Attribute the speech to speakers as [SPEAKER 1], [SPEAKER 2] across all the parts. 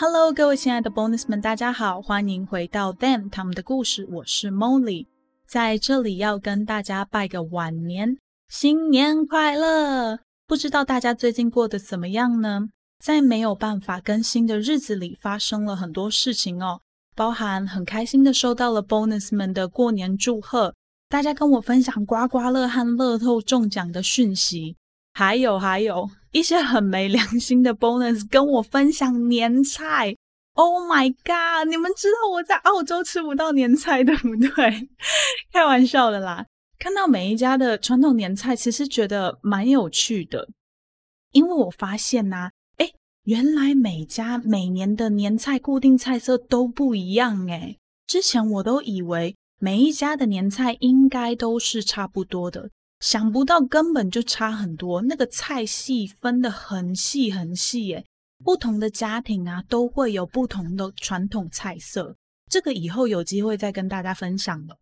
[SPEAKER 1] Hello，各位親愛的 Bonus 們，大家好，歡迎回到他 n 他們的故事。我是 Molly，在這裡要跟大家拜個晚年，新年快樂！不知道大家最近過得怎麼樣呢？在沒有辦法更新的日子裡，發生了很多事情哦，包含很開心的收到了 Bonus 們的過年祝賀，大家跟我分享刮刮樂和樂透中獎的訊息，還有還有。一些很沒良心的 bonus 跟我分享年菜，Oh my god！你們知道我在澳洲吃不到年菜，對不對？ 開玩笑的啦。看到每一家的傳統年菜，其實覺得蠻有趣的，因為我發現吶、啊，誒，原來每家每年的年菜固定菜色都不一樣誒，之前我都以為每一家的年菜應該都是差不多的。想不到根本就差很多，那個菜系分得很細很細，哎，不同的家庭啊都會有不同的傳統菜色，這個以後有機會再跟大家分享了。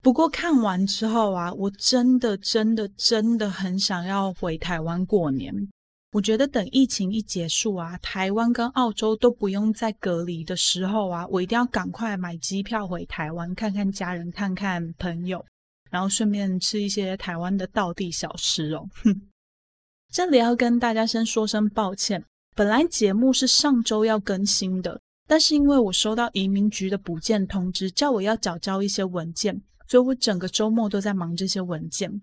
[SPEAKER 1] 不過看完之後啊，我真的真的真的很想要回台灣過年。我覺得等疫情一結束啊，台灣跟澳洲都不用再隔離的時候啊，我一定要趕快買機票回台灣，看看家人，看看朋友。然後順便吃一些台灣的道地小吃哦。哼，這裡要跟大家先說聲抱歉，本來節目是上周要更新的，但是因為我收到移民局的補件通知，叫我要繳交一些文件，所以我整個周末都在忙這些文件。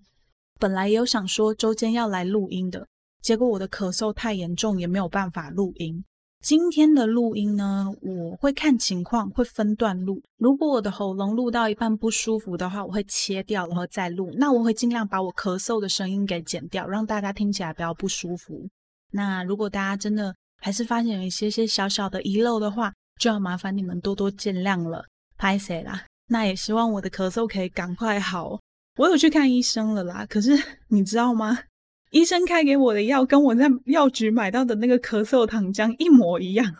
[SPEAKER 1] 本來也有想說周間要來錄音的，結果我的咳嗽太嚴重，也沒有辦法錄音。今天的錄音呢，我會看情況，會分段錄。如果我的喉嚨錄到一半不舒服的話，我會切掉，然後再錄。那我會盡量把我咳嗽的聲音給剪掉，讓大家聽起來不要不舒服。那如果大家真的還是發現有一些些小小的遺漏的話，就要麻煩你們多多見諒了。拍謝啦。那也希望我的咳嗽可以趕快好。我有去看醫生了啦，可是你知道嗎？醫生開給我的藥跟我在藥局買到的那個咳嗽糖漿一模一樣。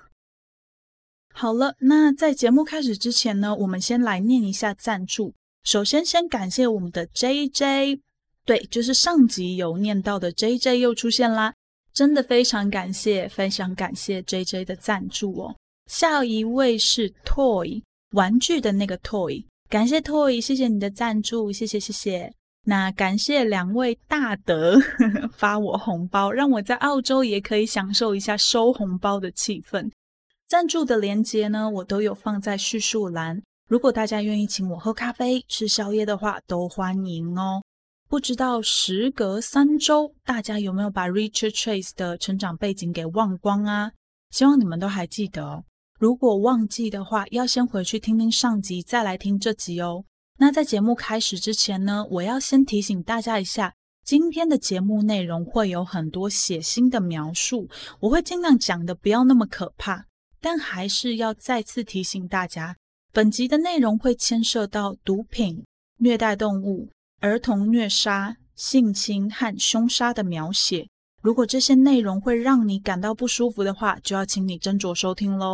[SPEAKER 1] 好了，那在節目開始之前呢，我們先來念一下贊助。首先，先感謝我們的 JJ，對，就是上集有念到的 JJ 又出現啦，真的非常感謝，非常感謝 JJ 的贊助哦。下一位是 Toy 玩具的那個 Toy，感謝 Toy，謝謝你的贊助，謝謝謝謝。那感謝兩位大德發我紅包，讓我在澳洲也可以享受一下收紅包的氣氛。贊助的連結呢，我都有放在敘述欄。如果大家願意請我喝咖啡、吃宵夜的話，都歡迎哦。不知道時隔三周，大家有沒有把 Richard Chase 的成長背景給忘光啊？希望你們都還記得哦。如果忘記的話，要先回去聽聽上集，再來聽這集哦。那在節目開始之前呢，我要先提醒大家一下，今天的節目內容會有很多血腥的描述，我會盡量講的不要那麼可怕，但還是要再次提醒大家，本集的內容會牽涉到毒品、虐待動物、兒童虐殺、性侵和兇殺的描寫。如果這些內容會讓你感到不舒服的話，就要請你斟酌收聽嘍。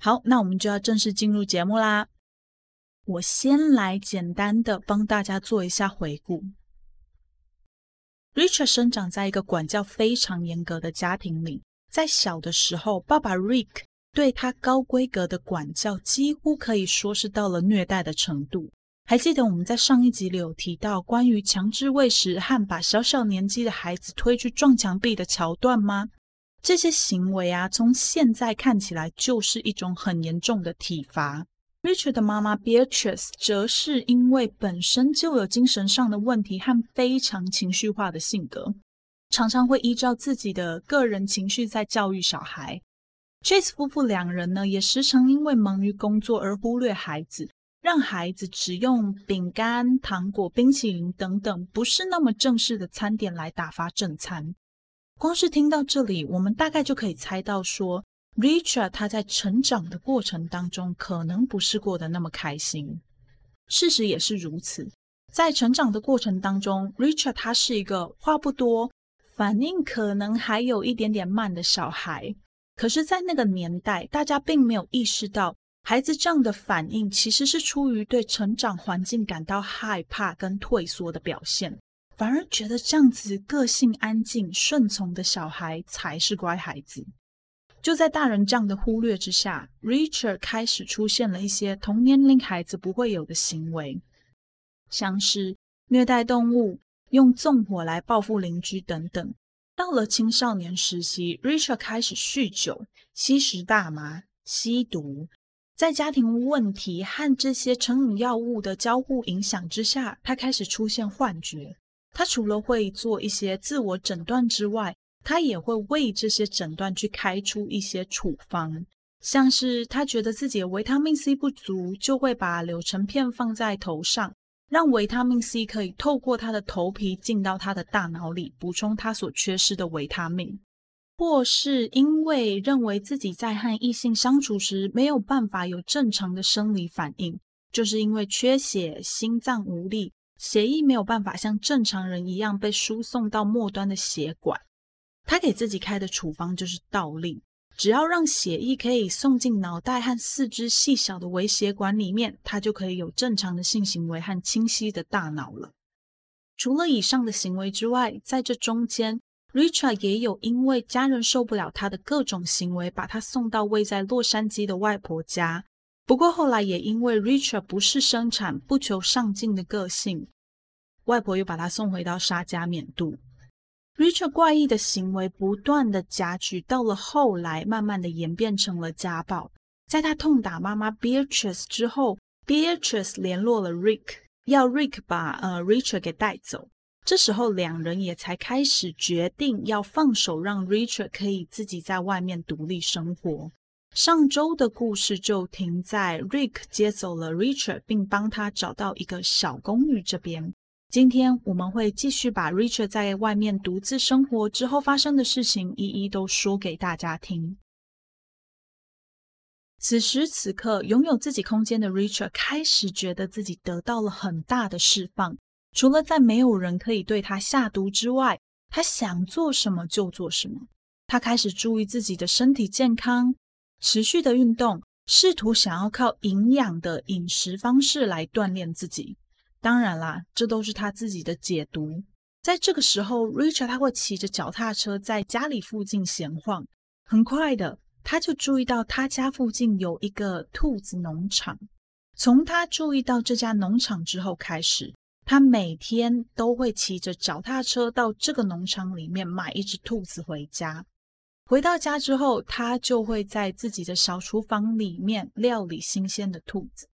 [SPEAKER 1] 好，那我們就要正式進入節目啦。我先來簡單的幫大家做一下回顧。Richard 生長在一個管教非常嚴格的家庭裡，在小的時候，爸爸 Rick 對他高規格的管教，幾乎可以說是到了虐待的程度。還記得我們在上一集裡有提到關於強制餵食和把小小年紀的孩子推去撞牆壁的橋段嗎？這些行為啊，從現在看起來就是一種很嚴重的體罰。Richard 的媽媽 Beatrice 則是因為本身就有精神上的問題和非常情緒化的性格，常常會依照自己的個人情緒在教育小孩。Chase 夫婦兩人呢，也時常因為忙於工作而忽略孩子，讓孩子只用餅乾、糖果、冰淇淋等等不是那麼正式的餐點來打發正餐。光是聽到這裡，我們大概就可以猜到說。Richard 他在成長的過程當中，可能不是過得那麼開心。事實也是如此，在成長的過程當中，Richard 他是一個話不多、反應可能還有一點點慢的小孩。可是，在那個年代，大家並沒有意識到，孩子這樣的反應其實是出於對成長環境感到害怕跟退縮的表現，反而覺得這樣子個性安靜、順從的小孩才是乖孩子。就在大人這樣的忽略之下，Richard 開始出現了一些同年齡孩子不會有的行為，像是虐待動物、用縱火來報復鄰居等等。到了青少年時期，Richard 開始酗酒、吸食大麻、吸毒。在家庭問題和這些成癮藥物的交互影響之下，他開始出現幻覺。他除了會做一些自我診斷之外，他也會為這些診斷去開出一些處方，像是他覺得自己的維他命 C 不足，就會把柳橙片放在頭上，讓維他命 C 可以透過他的頭皮進到他的大腦裡，補充他所缺失的維他命。或是因為認為自己在和異性相處時沒有辦法有正常的生理反應，就是因為缺血、心臟無力，血液沒有辦法像正常人一樣被輸送到末端的血管。他給自己開的處方就是倒立，只要讓血液可以送進腦袋和四肢細小的微血管裡面，他就可以有正常的性行為和清晰的大腦了。除了以上的行為之外，在這中間，Richard 也有因為家人受不了他的各種行為，把他送到位在洛杉磯的外婆家。不過後來也因為 Richard 不事生產，不求上進的個性，外婆又把他送回到沙加緬度。Richard 怪異的行為不斷的加劇，到了後來，慢慢的演變成了家暴。在他痛打媽媽 Beatrice 之後，Beatrice 聯絡了 Rick，要 Rick 把呃 Richard 給帶走。這時候，兩人也才開始決定要放手，讓 Richard 可以自己在外面獨立生活。上周的故事就停在 Rick 接走了 Richard，並幫他找到一個小公寓這邊。今天我們會繼續把 Richard 在外面獨自生活之後發生的事情一一都說給大家聽。此時此刻，擁有自己空間的 Richard 開始覺得自己得到了很大的釋放。除了在沒有人可以對他下毒之外，他想做什麼就做什麼。他開始注意自己的身體健康，持續的運動，試圖想要靠營養的飲食方式來鍛鍊自己。當然啦，這都是他自己的解讀。在這個時候，Richard 他會騎着腳踏車在家裡附近閒晃。很快的，他就注意到他家附近有一個兔子農場。從他注意到這家農場之後開始，他每天都會騎着腳踏車到這個農場裡面買一隻兔子回家。回到家之後，他就會在自己的小廚房裡面料理新鮮的兔子。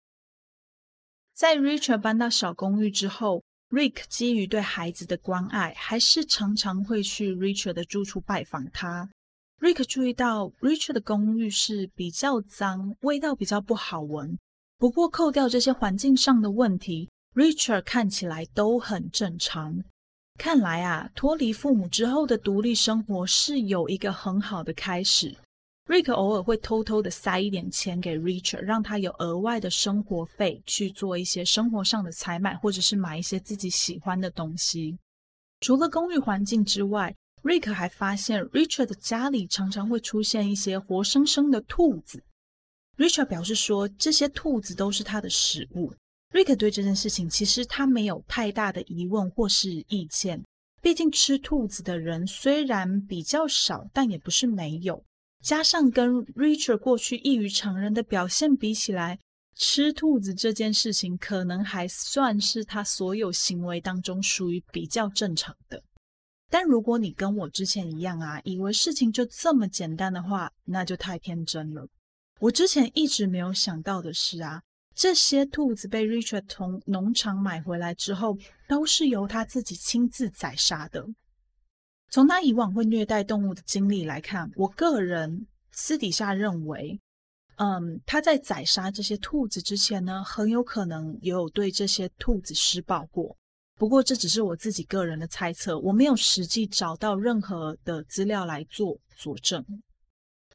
[SPEAKER 1] 在 Richard 搬到小公寓之後，Rick 基於對孩子的關愛，還是常常會去 Richard 的住處拜訪他。Rick 注意到 Richard 的公寓是比較髒，味道比較不好聞。不過扣掉這些環境上的問題，Richard 看起來都很正常。看來啊，脫離父母之後的獨立生活是有一個很好的開始。Rick 偶爾會偷偷地塞一點錢給 Richard，讓他有額外的生活費去做一些生活上的採買，或者是買一些自己喜歡的東西。除了公寓環境之外，Rick 還發現 Richard 的家裡常常會出現一些活生生的兔子。Richard 表示說，這些兔子都是他的食物。Rick 對這件事情其實他沒有太大的疑問或是意見，畢竟吃兔子的人雖然比較少，但也不是沒有。加上跟 Richard 過去異於常人的表現比起來，吃兔子這件事情可能還算是他所有行為當中屬於比較正常的。但如果你跟我之前一樣啊，以為事情就這麼簡單的話，那就太天真了。我之前一直沒有想到的是啊，這些兔子被 Richard 從農場買回來之後，都是由他自己親自宰殺的。從他以往會虐待動物的經歷來看，我個人私底下認為，嗯，他在宰殺這些兔子之前呢，很有可能也有對這些兔子施暴過。不過這只是我自己個人的猜測，我沒有實際找到任何的資料來做佐證。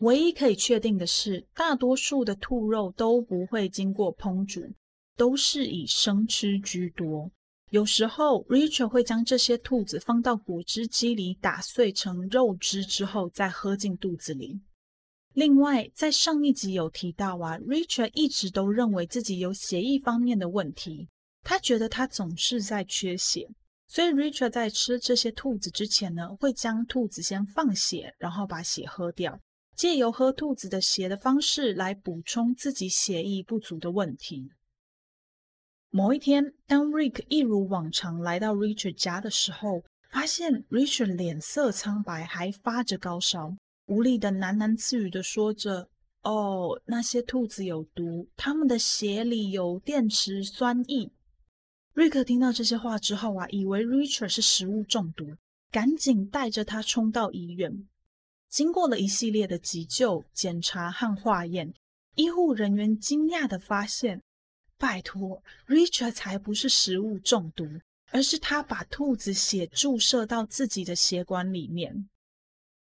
[SPEAKER 1] 唯一可以確定的是，大多數的兔肉都不會經過烹煮，都是以生吃居多。有時候，Richard 會將這些兔子放到果汁機裡打碎成肉汁之後，再喝進肚子裡。另外，在上一集有提到啊，Richard 一直都認為自己有血液方面的問題，他覺得他總是在缺血，所以 Richard 在吃這些兔子之前呢，會將兔子先放血，然後把血喝掉，借由喝兔子的血的方式來補充自己血液不足的問題。某一天，當瑞克一如往常來到 Richard 家的時候，發現 Richard 臉色蒼白，還發着高燒，無力的喃喃自語的說着：“哦，那些兔子有毒，他們的血裡有電池酸液。”瑞克聽到這些話之後啊，以為 Richard 是食物中毒，趕緊帶着他衝到醫院。經過了一系列的急救、檢查和化驗，醫護人員驚訝地發現。拜託，Richard 才不是食物中毒，而是他把兔子血注射到自己的血管裡面。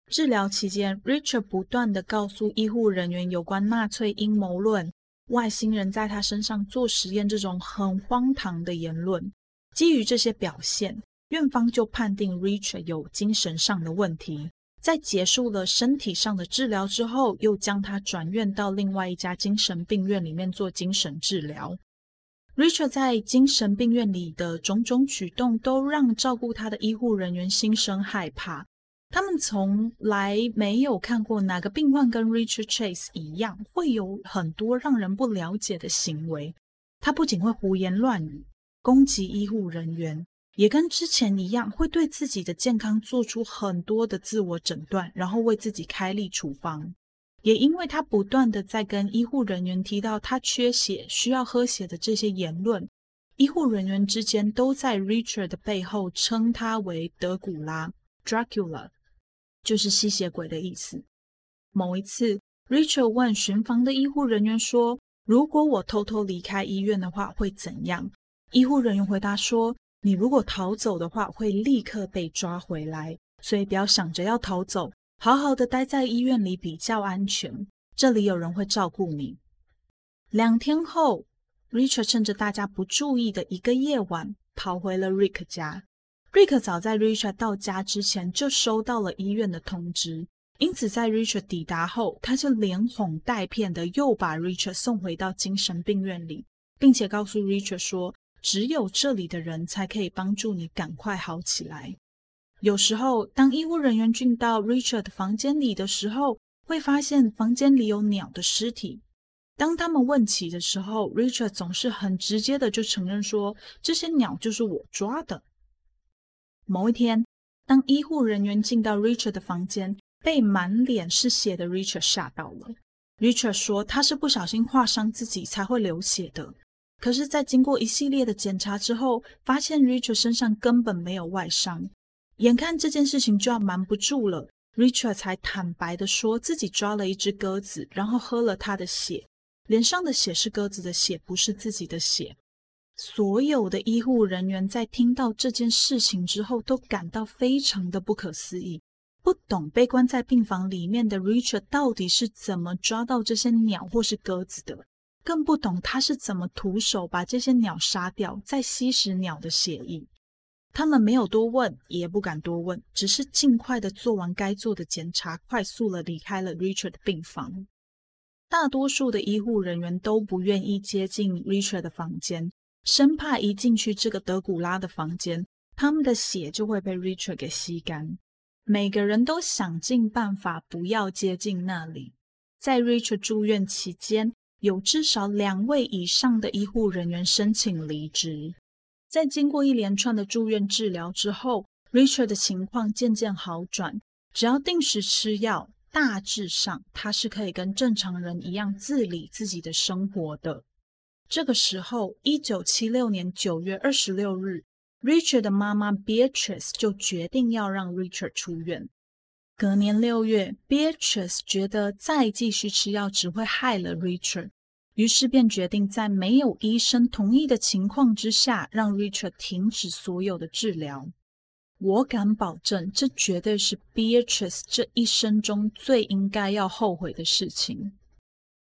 [SPEAKER 1] 治療期間，Richard 不斷地告訴醫護人員有關納粹陰謀論、外星人在他身上做實驗這種很荒唐的言論。基於這些表現，院方就判定 Richard 有精神上的問題。在結束了身體上的治療之後，又將他轉院到另外一家精神病院裡面做精神治療。Richard 在精神病院裡的種種舉動，都讓照顧他的醫護人員心生害怕。他們從來沒有看過哪個病患跟 Richard Chase 一樣，會有很多讓人不了解的行為。他不僅會胡言亂語，攻擊醫護人員，也跟之前一樣，會對自己的健康做出很多的自我診斷，然後為自己開立處方。也因為他不斷的在跟醫護人員提到他缺血需要喝血的這些言論，醫護人員之間都在 Richard 的背後稱他為德古拉 （Dracula），就是吸血鬼的意思。某一次，Richard 問巡房的醫護人員說：“如果我偷偷離開醫院的話，會怎樣？”醫護人員回答說。你如果逃走的話，會立刻被抓回來，所以不要想着要逃走，好好的待在醫院裡比較安全。這裡有人會照顧你。兩天後，Richard 趁着大家不注意的一個夜晚，跑回了 Rick 家。Rick 早在 Richard 到家之前就收到了醫院的通知，因此在 Richard 抵達後，他就連哄帶騙的又把 Richard 送回到精神病院裡，並且告訴 Richard 說，只有這裡的人才可以幫助你趕快好起來。有時候，當醫護人員進到 Richard 的房間裡的時候，會發現房間裡有鳥的屍體。當他們問起的時候，Richard 總是很直接的就承認說：“這些鳥就是我抓的。”某一天，當醫護人員進到 Richard 的房間，被滿臉是血的 Richard 嚇到了。Richard 說：“他是不小心劃傷自己才會流血的。”可是，在經過一系列的檢查之後，發現 Richard 身上根本沒有外傷。眼看這件事情就要瞞不住了，Richard 才坦白的說自己抓了一隻鴿子，然後喝了他的血。臉上的血是鴿子的血，不是自己的血。所有的醫護人員在聽到這件事情之後，都感到非常的不可思議，不懂被關在病房裡面的 Richard 到底是怎麼抓到這些鳥或是鴿子的。更不懂他是怎麼徒手把這些鳥殺掉，再吸食鳥的血液。他們沒有多問，也不敢多問，只是盡快的做完該做的檢查，快速的離開了 Richard 的病房。大多數的醫護人員都不願意接近 Richard 的房間，生怕一進去這個德古拉的房間，他們的血就會被 Richard 給吸乾。每個人都想盡辦法不要接近那裡。在 Richard 住院期間，有至少兩位以上的醫護人員申請離職。在經過一連串的住院治療之後，Richard 的情況漸漸好轉。只要定時吃藥，大致上他是可以跟正常人一樣自理自己的生活的。這個時候，一九七六年九月二十六日，Richard 的媽媽 Beatrice 就決定要讓 Richard 出院。隔年六月，Beatrice 覺得再繼續吃藥只會害了 Richard，於是便決定在沒有醫生同意的情況之下，讓 Richard 停止所有的治療。我敢保證，這絕對是 Beatrice 這一生中最應該要後悔的事情。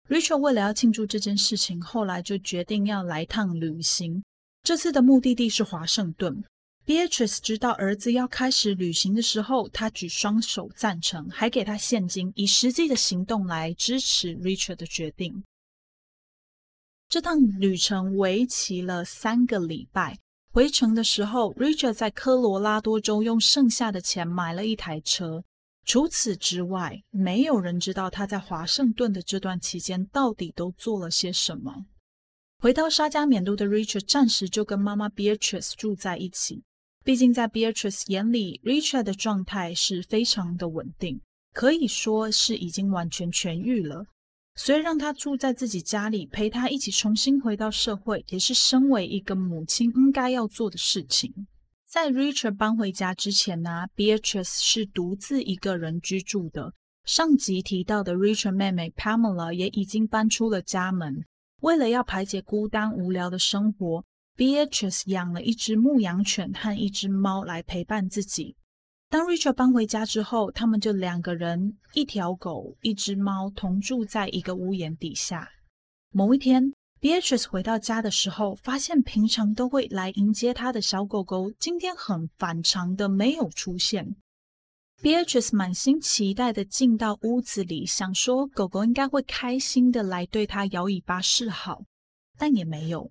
[SPEAKER 1] Richard 為了要慶祝這件事情，後來就決定要來趟旅行，這次的目的地是華盛頓。Beatrice 知道兒子要開始旅行的時候，她舉雙手贊成，還給他現金，以實際的行動來支持 Richard 的決定。這趟旅程為期了三個禮拜。回程的時候，Richard 在科羅拉多州用剩下的錢買了一台車。除此之外，沒有人知道他在華盛頓的這段期間到底都做了些什麼。回到沙加緬度的 Richard，暫時就跟媽媽 Beatrice 住在一起。畢竟在 Beatrice 眼裡，Richard 的狀態是非常的穩定，可以說是已經完全痊癒了。所以讓他住在自己家裡，陪他一起重新回到社會，也是身為一個母親應該要做的事情。在 Richard 搬回家之前呢，Beatrice 是獨自一個人居住的。上集提到的 Richard 妹妹 Pamela 也已經搬出了家門，為了要排解孤單無聊的生活，Beatrice 養了一隻牧羊犬和一隻貓來陪伴自己。當 Richard 搬回家之後，他們就兩個人、一條狗、一隻貓同住在一個屋檐底下。某一天，Beatrice 回到家的時候，發現平常都會來迎接他的小狗狗今天很反常的沒有出現。Beatrice 滿心期待的進到屋子裡，想說狗狗應該會開心的來對他搖尾巴示好，但也沒有。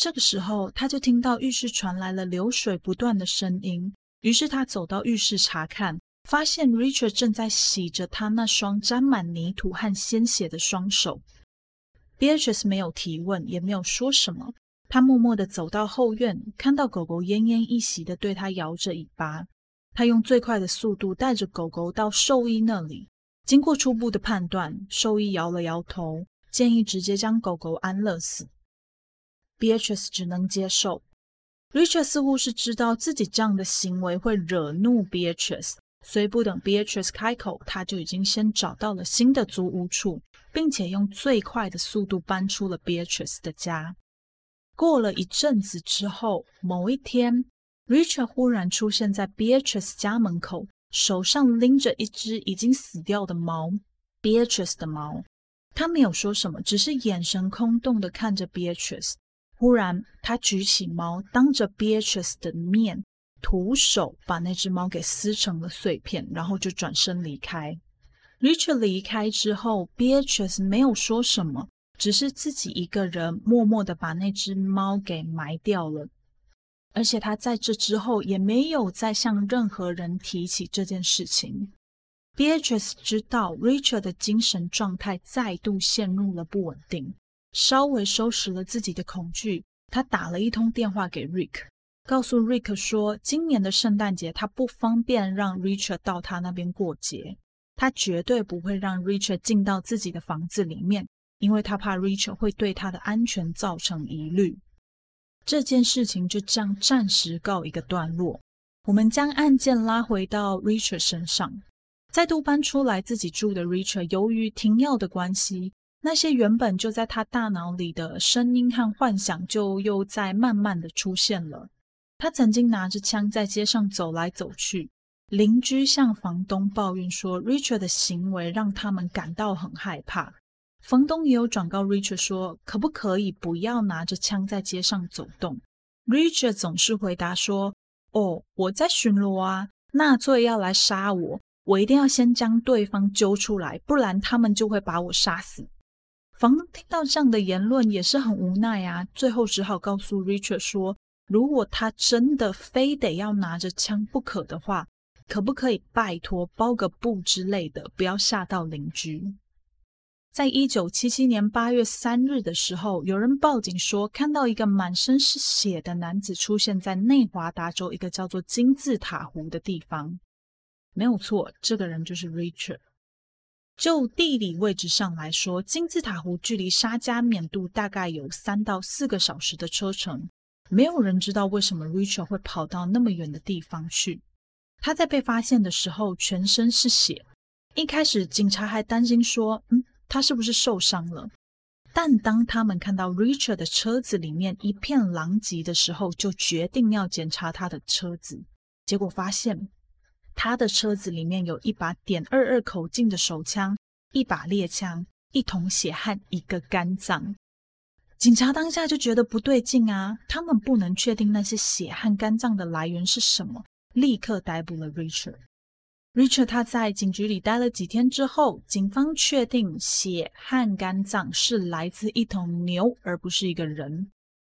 [SPEAKER 1] 這個時候，他就聽到浴室傳來了流水不斷的聲音。於是他走到浴室查看，發現 Richard 正在洗着他那雙沾滿泥土和鮮血的雙手。Beatrice 沒有提問，也沒有說什麼，他默默地走到後院，看到狗狗奄奄一息地對他搖着尾巴。他用最快的速度帶着狗狗到獸醫那裡。經過初步的判斷，獸醫搖了搖頭，建議直接將狗狗安樂死。Beatrice 只能接受，Richard 似乎是知道自己這樣的行為會惹怒 Beatrice，所以不等 Beatrice 開口，他就已經先找到了新的租屋處，並且用最快的速度搬出了 Beatrice 的家。過了一陣子之後，某一天，Richard 忽然出現在 Beatrice 家門口，手上拎着一隻已經死掉的貓，Beatrice 的貓。他沒有說什麼，只是眼神空洞地看着 Beatrice。忽然，他舉起貓，當着 Beatrice 的面，徒手把那隻貓給撕成了碎片，然後就轉身離開。Richard 離開之後，Beatrice 沒有說什麼，只是自己一個人默默地把那隻貓給埋掉了。而且他在這之後也沒有再向任何人提起這件事情。Beatrice 知道 Richard 的精神狀態再度陷入了不穩定。稍微收拾了自己的恐懼，他打了一通電話給 Rick，告訴 Rick 說，今年的聖誕節他不方便讓 Richard 到他那邊過節，他絕對不會讓 Richard 進到自己的房子裡面，因為他怕 Richard 會對他的安全造成疑慮。這件事情就這樣暫時告一個段落。我們將案件拉回到 Richard 身上，再度搬出來自己住的 Richard，由於停藥的關係。那些原本就在他大腦裡的聲音和幻想，就又在慢慢的出現了。他曾經拿着槍在街上走來走去。鄰居向房東抱怨說，Richard 的行為讓他們感到很害怕。房東也有轉告 Richard 說，可不可以不要拿着槍在街上走動？Richard 總是回答說：“哦，我在巡邏啊。納粹要來殺我，我一定要先將對方揪出來，不然他們就會把我殺死。”房東聽到這樣的言論也是很無奈啊，最後只好告訴 Richard 說：“如果他真的非得要拿着槍不可的話，可不可以拜托包個布之類的，不要嚇到鄰居？”在一九七七年八月三日的時候，有人報警說看到一個滿身是血的男子出現在內華達州一個叫做金字塔湖的地方。沒有錯，這個人就是 Richard。就地理位置上來說，金字塔湖距離沙加緬度大概有三到四個小時的車程。沒有人知道為什麼 Richard 會跑到那麼遠的地方去。他在被發現的時候全身是血。一開始警察還擔心說，嗯，他是不是受傷了？但當他們看到 Richard 的車子裡面一片狼藉的時候，就決定要檢查他的車子。結果發現。他的車子裡面有一把點二二口徑的手槍，一把獵槍，一桶血和，一個肝臟。警察當下就覺得不對勁啊！他們不能確定那些血和肝臟的來源是什麼，立刻逮捕了 Richard。Richard 他在警局裡待了幾天之後，警方確定血和肝臟是來自一頭牛，而不是一個人。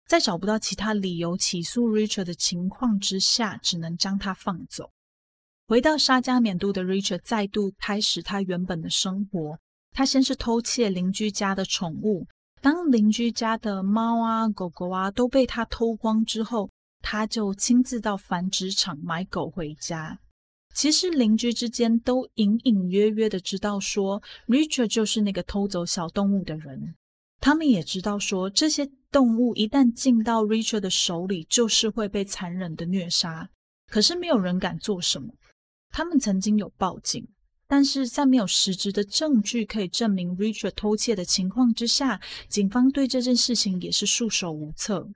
[SPEAKER 1] 在找不到其他理由起訴 Richard 的情況之下，只能將他放走。回到沙加緬度的 Richard 再度開始他原本的生活。他先是偷竊鄰居家的寵物，當鄰居家的貓啊、狗狗啊都被他偷光之後，他就親自到繁殖場買狗回家。其實鄰居之間都隱隱約約的知道說，Richard 就是那個偷走小動物的人。他們也知道說，這些動物一旦進到 Richard 的手裡，就是會被殘忍的虐殺。可是沒有人敢做什麼。他們曾經有報警，但是在沒有實質的證據可以證明 Richard 偷竊的情況之下，警方對這件事情也是束手無策。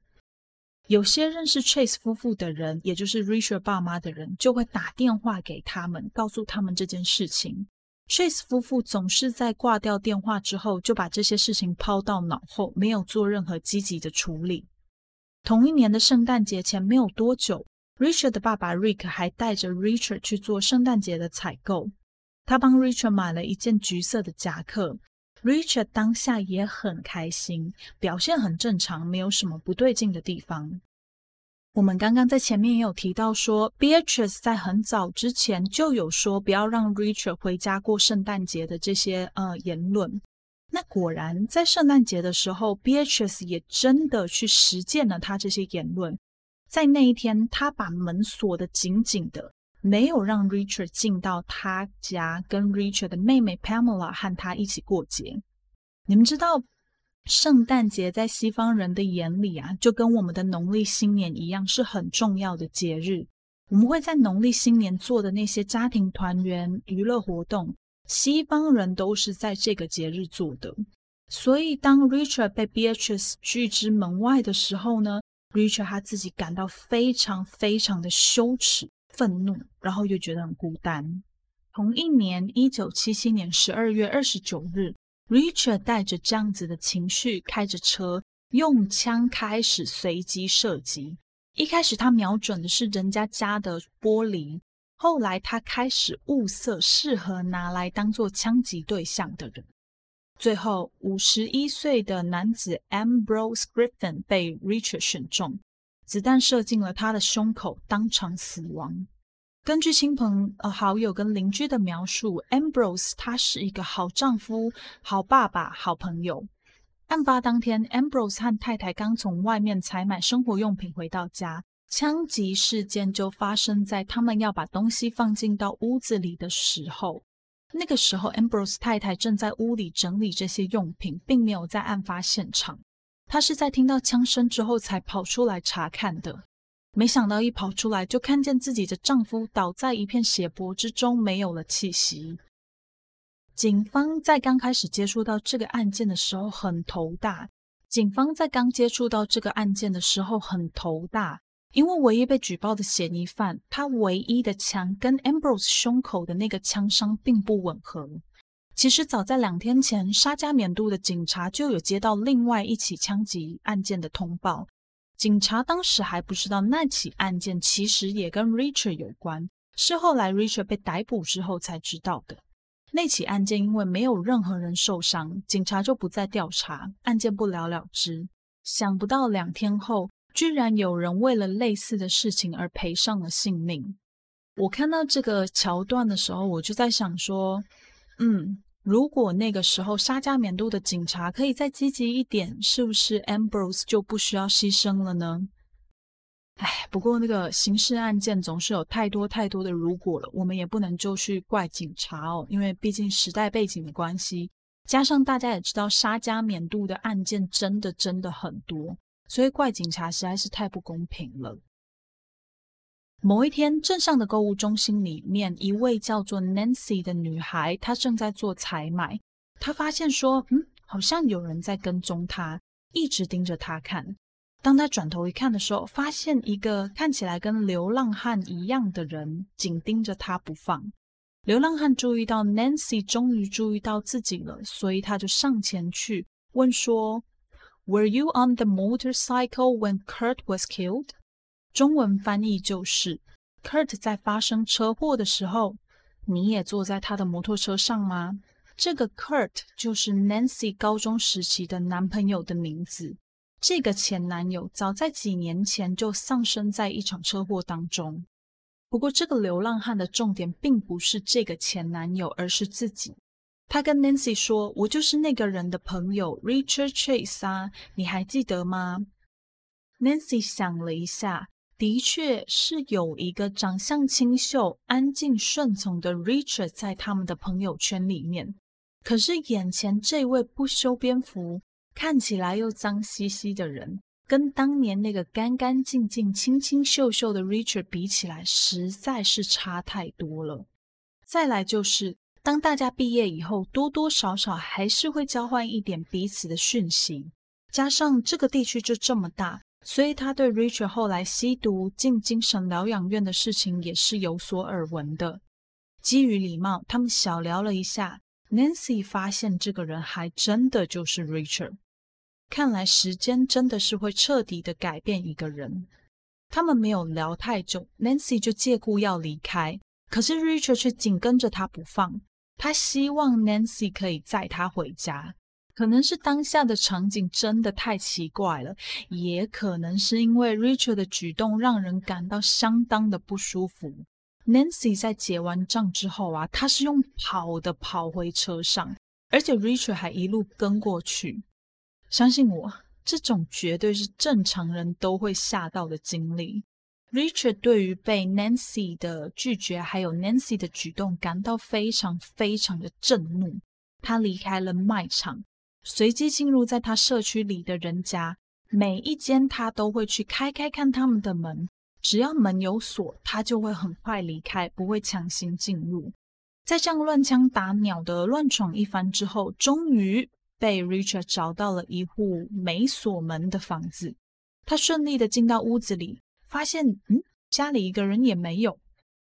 [SPEAKER 1] 有些認識 Chase 夫婦的人，也就是 Richard 爸媽的人，就會打電話給他們，告訴他們這件事情。Chase 夫婦總是在掛掉電話之後，就把這些事情拋到腦後，沒有做任何積極的處理。同一年的聖誕節前沒有多久，Richard 的爸爸 Rick 還帶着 Richard 去做聖誕節的採購，他幫 Richard 買了一件橘色的夾克。Richard 當下也很開心，表現很正常，沒有什麼不對勁的地方。我們剛剛在前面也有提到說，Beatrice 在很早之前就有說不要讓 Richard 回家過聖誕節的這些呃言論。那果然在聖誕節的時候，Beatrice 也真的去實踐了他這些言論。在那一天，他把門鎖得緊緊的，沒有讓 Richard 進到他家，跟 Richard 的妹妹 Pamela 和他一起過節。你們知道，聖誕節在西方人的眼裡啊，就跟我們的農曆新年一樣，是很重要的節日。我們會在農曆新年做的那些家庭團圓娛樂活動，西方人都是在這個節日做的。所以，當 Richard 被 Beatrice 拒之門外的時候呢，Richard 他自己感到非常非常的羞恥、憤怒，然後又覺得很孤單。同一年，一九七七年十二月二十九日，Richard 帶着這樣子的情緒，開着車，用槍開始隨機射擊。一開始他瞄準的是人家家的玻璃，後來他開始物色適合拿來當做槍擊對象的人。最後，五十一歲的男子 Ambrose Griffin 被 Richard 選中，子彈射進了他的胸口，當場死亡。根據親朋、呃好友跟鄰居的描述，Ambrose 他是一個好丈夫、好爸爸、好朋友。案發當天，Ambrose 和太太剛從外面採買生活用品回到家，槍擊事件就發生在他們要把東西放進到屋子裡的時候。那個時候，Ambrose 太太正在屋裡整理這些用品，並沒有在案發現場。她是在聽到槍聲之後才跑出來查看的。沒想到一跑出來，就看見自己的丈夫倒在一片血泊之中，沒有了氣息。警方在剛開始接觸到這個案件的時候很頭大。警方在剛接觸到這個案件的時候很頭大。因為唯一被舉報的嫌疑犯，他唯一的槍跟 Ambrose 胸口的那個槍傷並不吻合。其實早在兩天前，沙加緬度的警察就有接到另外一起槍擊案件的通報。警察當時還不知道那起案件其實也跟 Richard 有關，是後來 Richard 被逮捕之後才知道的。那起案件因為沒有任何人受傷，警察就不再調查，案件不了了之。想不到兩天後，居然有人為了類似的事情而賠上了性命。我看到這個橋段的時候，我就在想說，嗯，如果那個時候沙加緬度的警察可以再積極一點，是不是 Ambrose 就不需要犧牲了呢？哎，不過那個刑事案件總是有太多太多的如果了，我們也不能就去怪警察哦，因為畢竟時代背景的關係，加上大家也知道沙加緬度的案件真的真的很多。所以怪警察實在是太不公平了。某一天，鎮上的購物中心裡面，一位叫做 Nancy 的女孩，她正在做採買。她發現說，嗯，好像有人在跟蹤她，一直盯着她看。當她轉頭一看的時候，發現一個看起來跟流浪漢一樣的人緊盯着她不放。流浪漢注意到 Nancy 終於注意到自己了，所以他就上前去問說。Were you on the motorcycle when Kurt was killed？中文翻譯就是：Kurt 在發生車禍的時候，你也坐在他的摩托車上嗎？這個 Kurt 就是 Nancy 高中時期的男朋友的名字。這個前男友早在幾年前就喪生在一場車禍當中。不過，這個流浪漢的重點並不是這個前男友，而是自己。他跟 Nancy 說：“我就是那個人的朋友 Richard Chase 啊，你還記得嗎？” Nancy 想了一下，的確是有一個長相清秀、安靜順從的 Richard 在他們的朋友圈裡面。可是眼前這位不修邊幅、看起來又髒兮兮的人，跟當年那個乾乾淨淨、清清秀秀的 Richard 比起來，實在是差太多了。再來就是。當大家畢業以後，多多少少還是會交換一點彼此的訊息。加上這個地區就這麼大，所以他對 Richard 後來吸毒進精神療養院的事情也是有所耳聞的。基於禮貌，他們小聊了一下。Nancy 發現這個人還真的就是 Richard，看來時間真的是會徹底的改變一個人。他們沒有聊太久，Nancy 就借故要離開，可是 Richard 卻緊跟着他不放。他希望 Nancy 可以載他回家，可能是當下的場景真的太奇怪了，也可能是因為 Richard 的舉動讓人感到相當的不舒服。Nancy 在結完賬之後啊，他是用跑的跑回車上，而且 Richard 還一路跟過去。相信我，這種絕對是正常人都會嚇到的經歷。Richard 對於被 Nancy 的拒絕，還有 Nancy 的舉動感到非常非常的震怒。他離開了賣場，隨機進入在他社區裡的人家，每一間他都會去開開看他們的門。只要門有鎖，他就會很快離開，不會強行進入。在這樣亂槍打鳥的亂闖一番之後，終於被 Richard 找到了一戶沒鎖門的房子，他順利的進到屋子裡。發現，嗯，家裡一個人也沒有。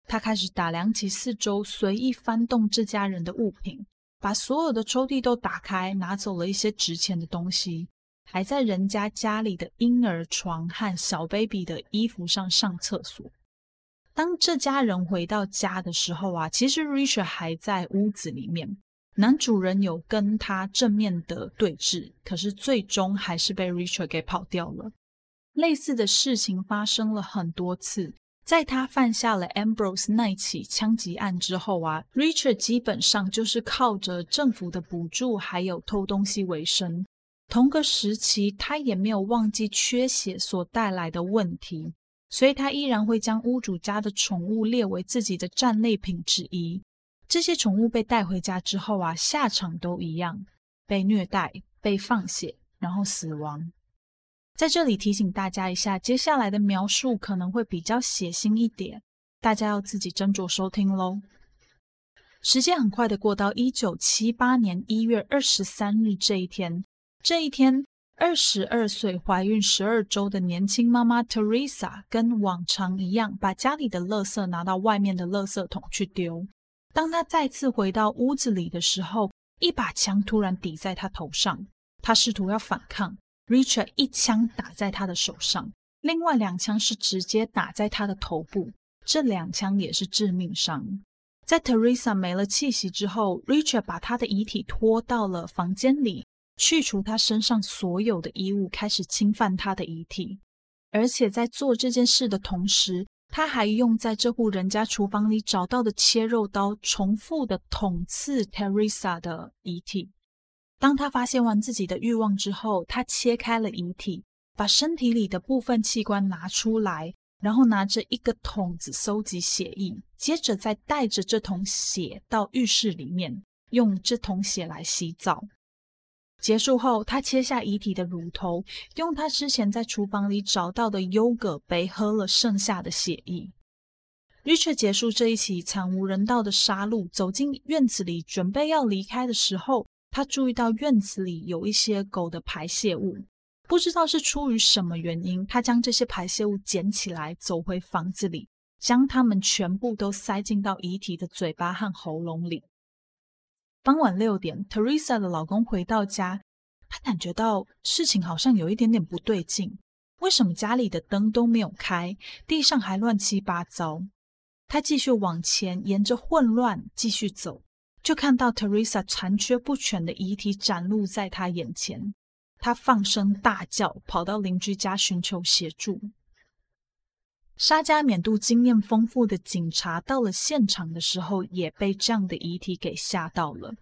[SPEAKER 1] 他開始打量起四周，隨意翻動這家人的物品，把所有的抽屜都打開，拿走了一些值錢的東西，還在人家家裡的嬰兒床和小 baby 的衣服上上廁所。當這家人回到家的時候啊，其實 Richard 還在屋子裡面。男主人有跟他正面的對峙，可是最終還是被 Richard 給跑掉了。類似的事情發生了很多次，在他犯下了 Ambrose 那起槍擊案之後啊，Richard 基本上就是靠着政府的補助還有偷東西為生。同個時期，他也沒有忘記缺血所帶來的問題，所以他依然會將屋主家的寵物列為自己的戰利品之一。這些寵物被帶回家之後啊，下場都一樣，被虐待、被放血，然後死亡。在這裡提醒大家一下，接下來的描述可能會比較血腥一點，大家要自己斟酌收聽嘍。時間很快的過到一九七八年一月二十三日這一天，這一天，二十二歲懷孕十二周的年輕媽媽 Teresa 跟往常一樣，把家裡的垃圾拿到外面的垃圾桶去丟。當她再次回到屋子裡的時候，一把槍突然抵在她頭上，她試圖要反抗。Richard 一槍打在他的手上，另外兩槍是直接打在他的頭部，這兩槍也是致命傷。在 Teresa 沒了氣息之後，Richard 把他的遺體拖到了房間裡，去除他身上所有的衣物，開始侵犯他的遺體。而且在做這件事的同時，他還用在這戶人家廚房裡找到的切肉刀，重複地捅刺 Teresa 的遺體。當他發現完自己的慾望之後，他切開了遺體，把身體裡的部分器官拿出來，然後拿着一個桶子收集血液，接着再帶着這桶血到浴室裡面，用這桶血來洗澡。結束後，他切下遺體的乳頭，用他之前在廚房裡找到的優格杯喝了剩下的血液。Richard 結束這一起慘無人道的殺戮，走進院子裡準備要離開的時候。他注意到院子裡有一些狗的排泄物，不知道是出於什麼原因，他將這些排泄物撿起來，走回房子裡，將它們全部都塞進到遺體的嘴巴和喉嚨裡。傍晚六點，Teresa 的老公回到家，他感覺到事情好像有一點點不對勁，為什麼家裡的燈都沒有開，地上還亂七八糟？他繼續往前，沿着混亂繼續走。就看到 Teresa 殘缺不全的遺體展露在他眼前，他放聲大叫，跑到鄰居家尋求協助。沙加緬度經驗豐富的警察到了現場的時候，也被這樣的遺體給嚇到了。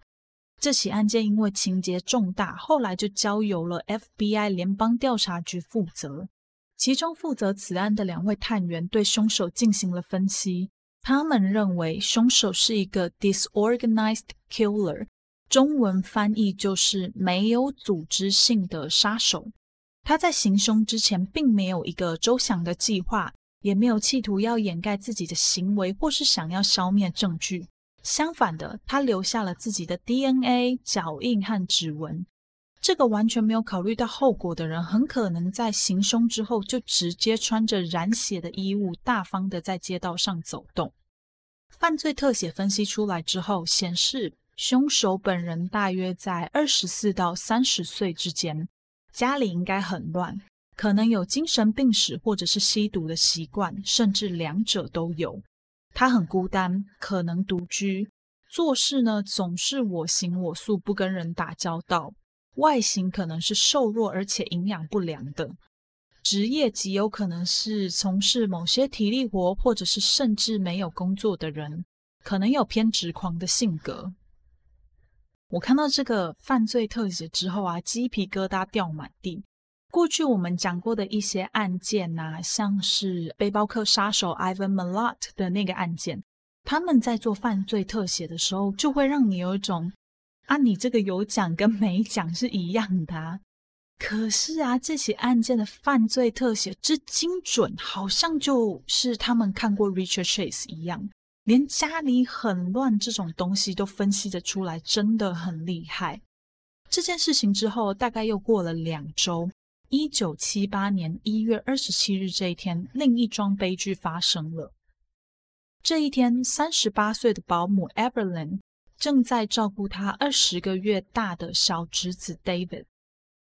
[SPEAKER 1] 這起案件因為情節重大，後來就交由了 FBI 聯邦調查局負責。其中負責此案的兩位探員對兇手進行了分析。他們認為兇手是一個 disorganized killer，中文翻譯就是沒有組織性的殺手。他在行兇之前並沒有一個周詳的計劃，也沒有企圖要掩蓋自己的行為或是想要消滅證據。相反的，他留下了自己的 DNA、腳印和指紋。這個完全沒有考慮到後果的人，很可能在行凶之後就直接穿着染血的衣物，大方地在街道上走動。犯罪特寫分析出來之後，顯示凶手本人大約在二十四到三十歲之間，家裡應該很亂，可能有精神病史或者是吸毒的習慣，甚至兩者都有。他很孤單，可能獨居，做事呢總是我行我素，不跟人打交道。外形可能是瘦弱而且營養不良的，職業極有可能是從事某些體力活，或者是甚至沒有工作的人，可能有偏執狂的性格。我看到這個犯罪特寫之後啊，雞皮疙瘩掉滿地。過去我們講過的一些案件啊，像是背包客殺手 Ivan Milat 的那個案件，他們在做犯罪特寫的時候，就會讓你有一種。啊，你這個有講跟沒講是一樣的，啊。可是啊，這起案件的犯罪特寫之精準，好像就是他們看過 Richard Chase 一樣，連家裡很亂這種東西都分析得出來，真的很厲害。這件事情之後，大概又過了兩周，一九七八年一月二十七日這一天，另一樁悲劇發生了。這一天，三十八歲的保姆 Evelyn。正在照顧他二十個月大的小侄子 David，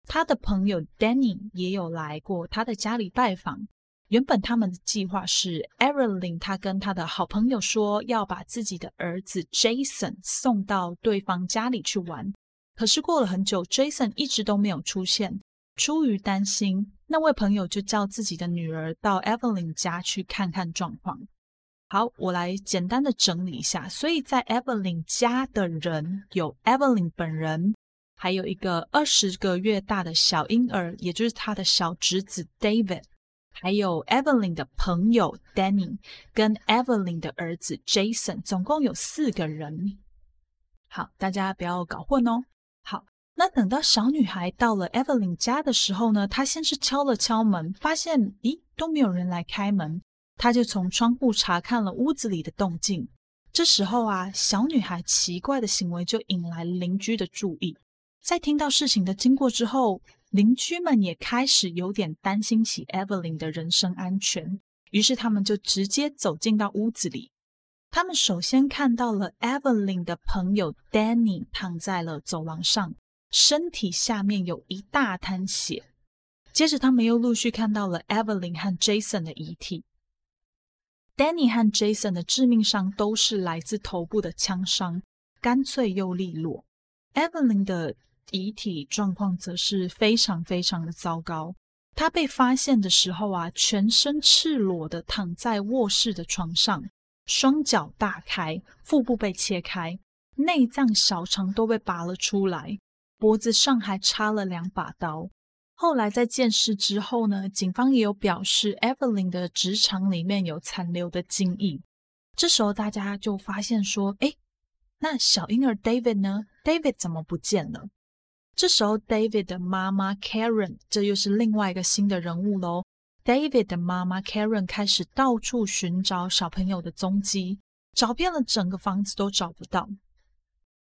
[SPEAKER 1] 他的朋友 Danny 也有來過他的家裡拜訪。原本他們的計劃是 Evelyn，他跟他的好朋友說要把自己的兒子 Jason 送到對方家裡去玩。可是過了很久，Jason 一直都沒有出現。出於擔心，那位朋友就叫自己的女兒到 Evelyn 家去看看狀況。好，我來簡單的整理一下。所以在 Evelyn 家的人有 Evelyn 本人，還有一個二十個月大的小嬰兒，也就是他的小侄子 David，還有 Evelyn 的朋友 Danny，跟 Evelyn 的兒子 Jason，總共有四個人。好，大家不要搞混哦。好，那等到小女孩到了 Evelyn 家的時候呢，她先是敲了敲門，發現，咦，都沒有人來開門。他就從窗戶查看了屋子裡的動靜。這時候啊，小女孩奇怪的行為就引來鄰居的注意。在聽到事情的經過之後，鄰居們也開始有點擔心起 Evelyn 的人身安全，於是他們就直接走進到屋子裡。他們首先看到了 Evelyn 的朋友 Danny 躺在了走廊上，身體下面有一大灘血。接着他們又陸續看到了 Evelyn 和 Jason 的遺體。Danny 和 Jason 的致命傷都是來自頭部的槍傷，乾脆又利落。Evelyn 的遺體狀況則是非常非常的糟糕。她被發現的時候啊，全身赤裸的躺在臥室的床上，雙腳大開，腹部被切開，內臟小腸都被拔了出來，脖子上還插了兩把刀。後來在見屍之後呢，警方也有表示，Evelyn 的直腸裡面有殘留的精液。這時候大家就發現說，哎，那小嬰兒 David 呢？David 怎麼不見了？這時候 David 的媽媽 Karen，這又是另外一個新的人物嘍。David 的媽媽 Karen 開始到處尋找小朋友的蹤跡，找遍了整個房子都找不到。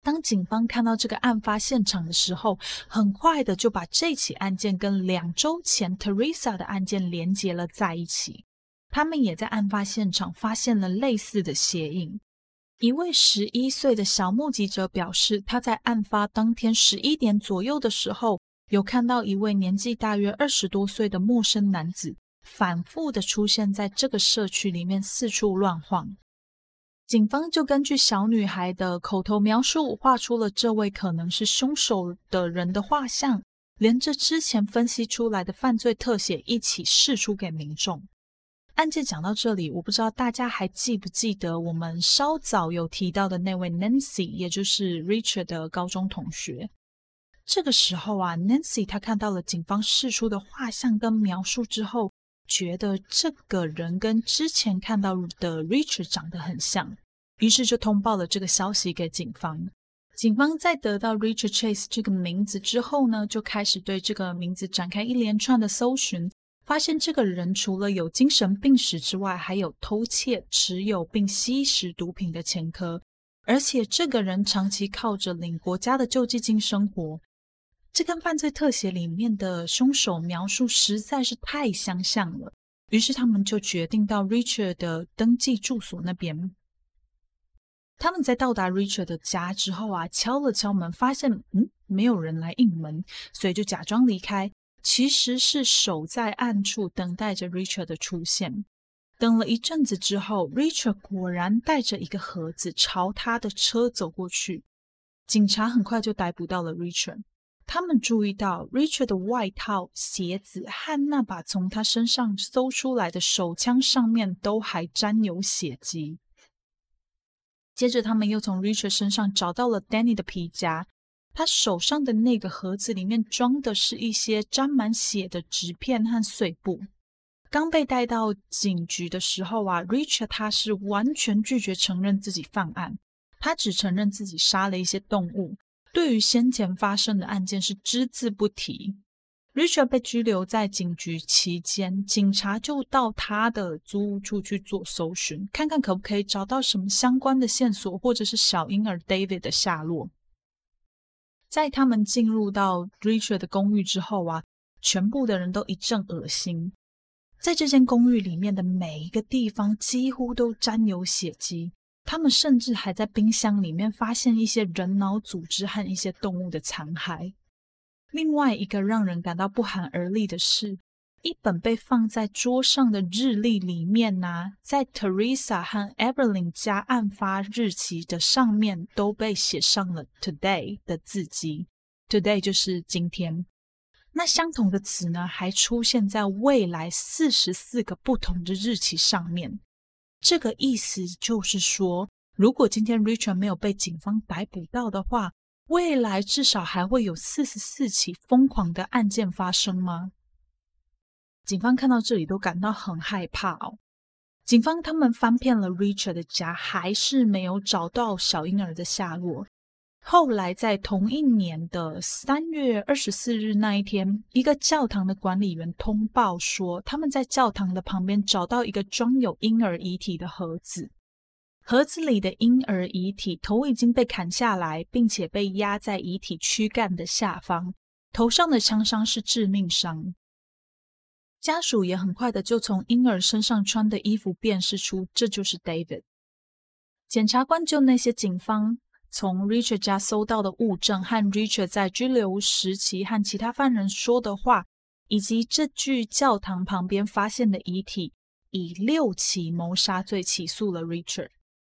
[SPEAKER 1] 當警方看到這個案發現場的時候，很快的就把這起案件跟兩周前 Teresa 的案件連接了在一起。他們也在案發現場發現了類似的鞋印。一位十一歲的小目擊者表示，他在案發當天十一點左右的時候，有看到一位年紀大約二十多歲的陌生男子，反覆的出現在這個社區裡面四處亂晃。警方就根據小女孩的口頭描述，畫出了這位可能是凶手的人的畫像，連着之前分析出來的犯罪特寫一起釋出給民眾。案件講到這裡，我不知道大家還記不記得我們稍早有提到的那位 Nancy，也就是 Richard 的高中同學。這個時候啊，Nancy 她看到了警方釋出的畫像跟描述之後。覺得這個人跟之前看到的 Richard 長得很像，於是就通報了這個消息給警方。警方在得到 Richard Chase 這個名字之後呢，就開始對這個名字展開一連串的搜尋，發現這個人除了有精神病史之外，還有偷竊、持有並吸食毒品的前科，而且這個人長期靠着領國家的救濟金生活。這跟犯罪特寫裡面的凶手描述實在是太相像了，於是他們就決定到 Richard 的登記住所那邊。他們在到達 Richard 的家之後啊，敲了敲門，發現嗯，沒有人來應門，所以就假裝離開，其實是守在暗處等待着 Richard 的出現。等了一陣子之後，Richard 果然帶着一個盒子朝他的車走過去，警察很快就逮捕到了 Richard。他們注意到 Richard 的外套、鞋子和那把從他身上搜出來的手槍上面都還沾有血跡。接着，他們又從 Richard 身上找到了 Danny 的皮夾，他手上的那個盒子裡面裝的是一些沾滿血的紙片和碎布。剛被帶到警局的時候啊，Richard 他是完全拒絕承認自己犯案，他只承認自己殺了一些動物。對於先前發生的案件是只字不提。Richard 被拘留在警局期間，警察就到他的租屋處去做搜尋，看看可不可以找到什麼相關的線索，或者是小嬰兒 David 的下落。在他們進入到 Richard 的公寓之後啊，全部的人都一陣噁心。在這間公寓裡面的每一個地方幾乎都沾有血跡。他們甚至還在冰箱裡面發現一些人腦組織和一些動物的殘骸。另外一個讓人感到不寒而栗的是，一本被放在桌上的日曆裡面、啊，吶，在 Teresa 和 Evelyn 家案發日期的上面都被寫上了 today 的字跡。today 就是今天。那相同的詞呢，還出現在未來四十四個不同的日期上面。這個意思就是說，如果今天 Richard 沒有被警方逮捕到的話，未來至少還會有四十四起瘋狂的案件發生嗎？警方看到這裡都感到很害怕哦。警方他們翻遍了 Richard 的家，還是沒有找到小嬰兒的下落。後來，在同一年的三月二十四日那一天，一個教堂的管理員通報說，他們在教堂的旁邊找到一個裝有嬰兒遺體的盒子。盒子裡的嬰兒遺體頭已經被砍下來，並且被壓在遺體軀幹的下方。頭上的槍傷是致命傷。家屬也很快地就從嬰兒身上穿的衣服辨識出，這就是 David。檢察官就那些警方。從 Richard 家搜到的物證和 Richard 在拘留時期和其他犯人說的話，以及這具教堂旁邊發現的遺體，以六起謀殺罪起訴了 Richard。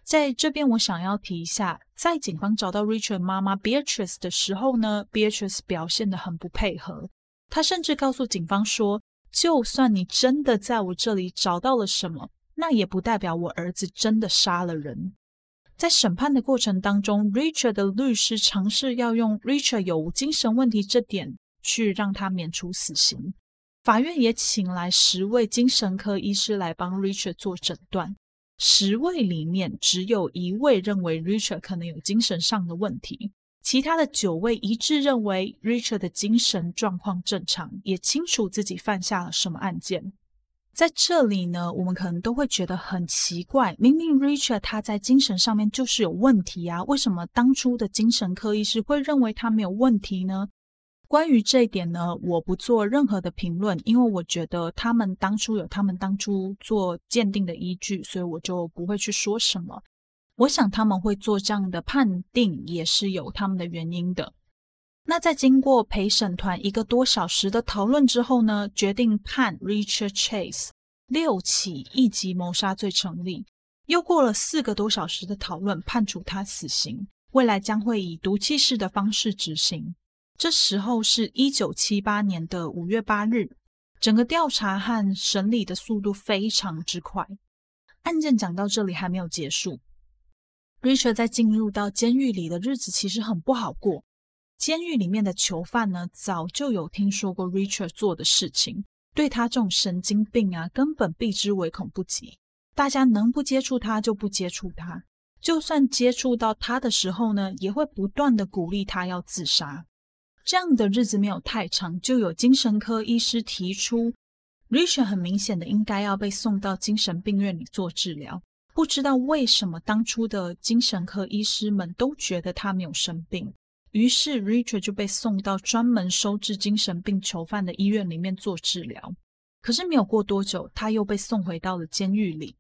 [SPEAKER 1] 在這邊，我想要提一下，在警方找到 Richard 媽媽 Beatrice 的時候呢，Beatrice 表現得很不配合，她甚至告訴警方說：“就算你真的在我這裡找到了什麼，那也不代表我兒子真的殺了人。”在審判的過程當中，Richard 的律師嘗試要用 Richard 有精神問題這點去讓他免除死刑。法院也請來十位精神科醫師來幫 Richard 做診斷，十位裡面只有一位認為 Richard 可能有精神上的問題，其他的九位一致認為 Richard 的精神狀況正常，也清楚自己犯下了什麼案件。在這裡呢，我們可能都會覺得很奇怪，明明 Richard 他在精神上面就是有問題啊，為什麼當初的精神科醫師會認為他沒有問題呢？關於這一點呢，我不做任何的評論，因為我覺得他們當初有他們當初做鑑定的依據，所以我就不會去說什麼。我想他們會做這樣的判定，也是有他們的原因的。那在經過陪審團一個多小時的討論之後呢，決定判 Richard Chase 六起一級謀殺罪成立。又過了四個多小時的討論，判處他死刑，未來將會以毒氣室的方式執行。這時候是一九七八年的五月八日。整個調查和審理的速度非常之快。案件講到這裡還沒有結束。Richard 在進入到監獄裡的日子其實很不好過。監獄裡面的囚犯呢，早就有聽說過 Richard 做的事情，對他這種神經病啊，根本避之唯恐不及。大家能不接觸他就不接觸他，就算接觸到他的時候呢，也會不斷的鼓勵他要自殺。這樣的日子沒有太長，就有精神科醫師提出，Richard 很明顯的應該要被送到精神病院裡做治療。不知道為什麼當初的精神科醫師們都覺得他沒有生病。於是，Richard 就被送到專門收治精神病囚犯的醫院裡面做治療。可是，沒有過多久，他又被送回到了監獄裡。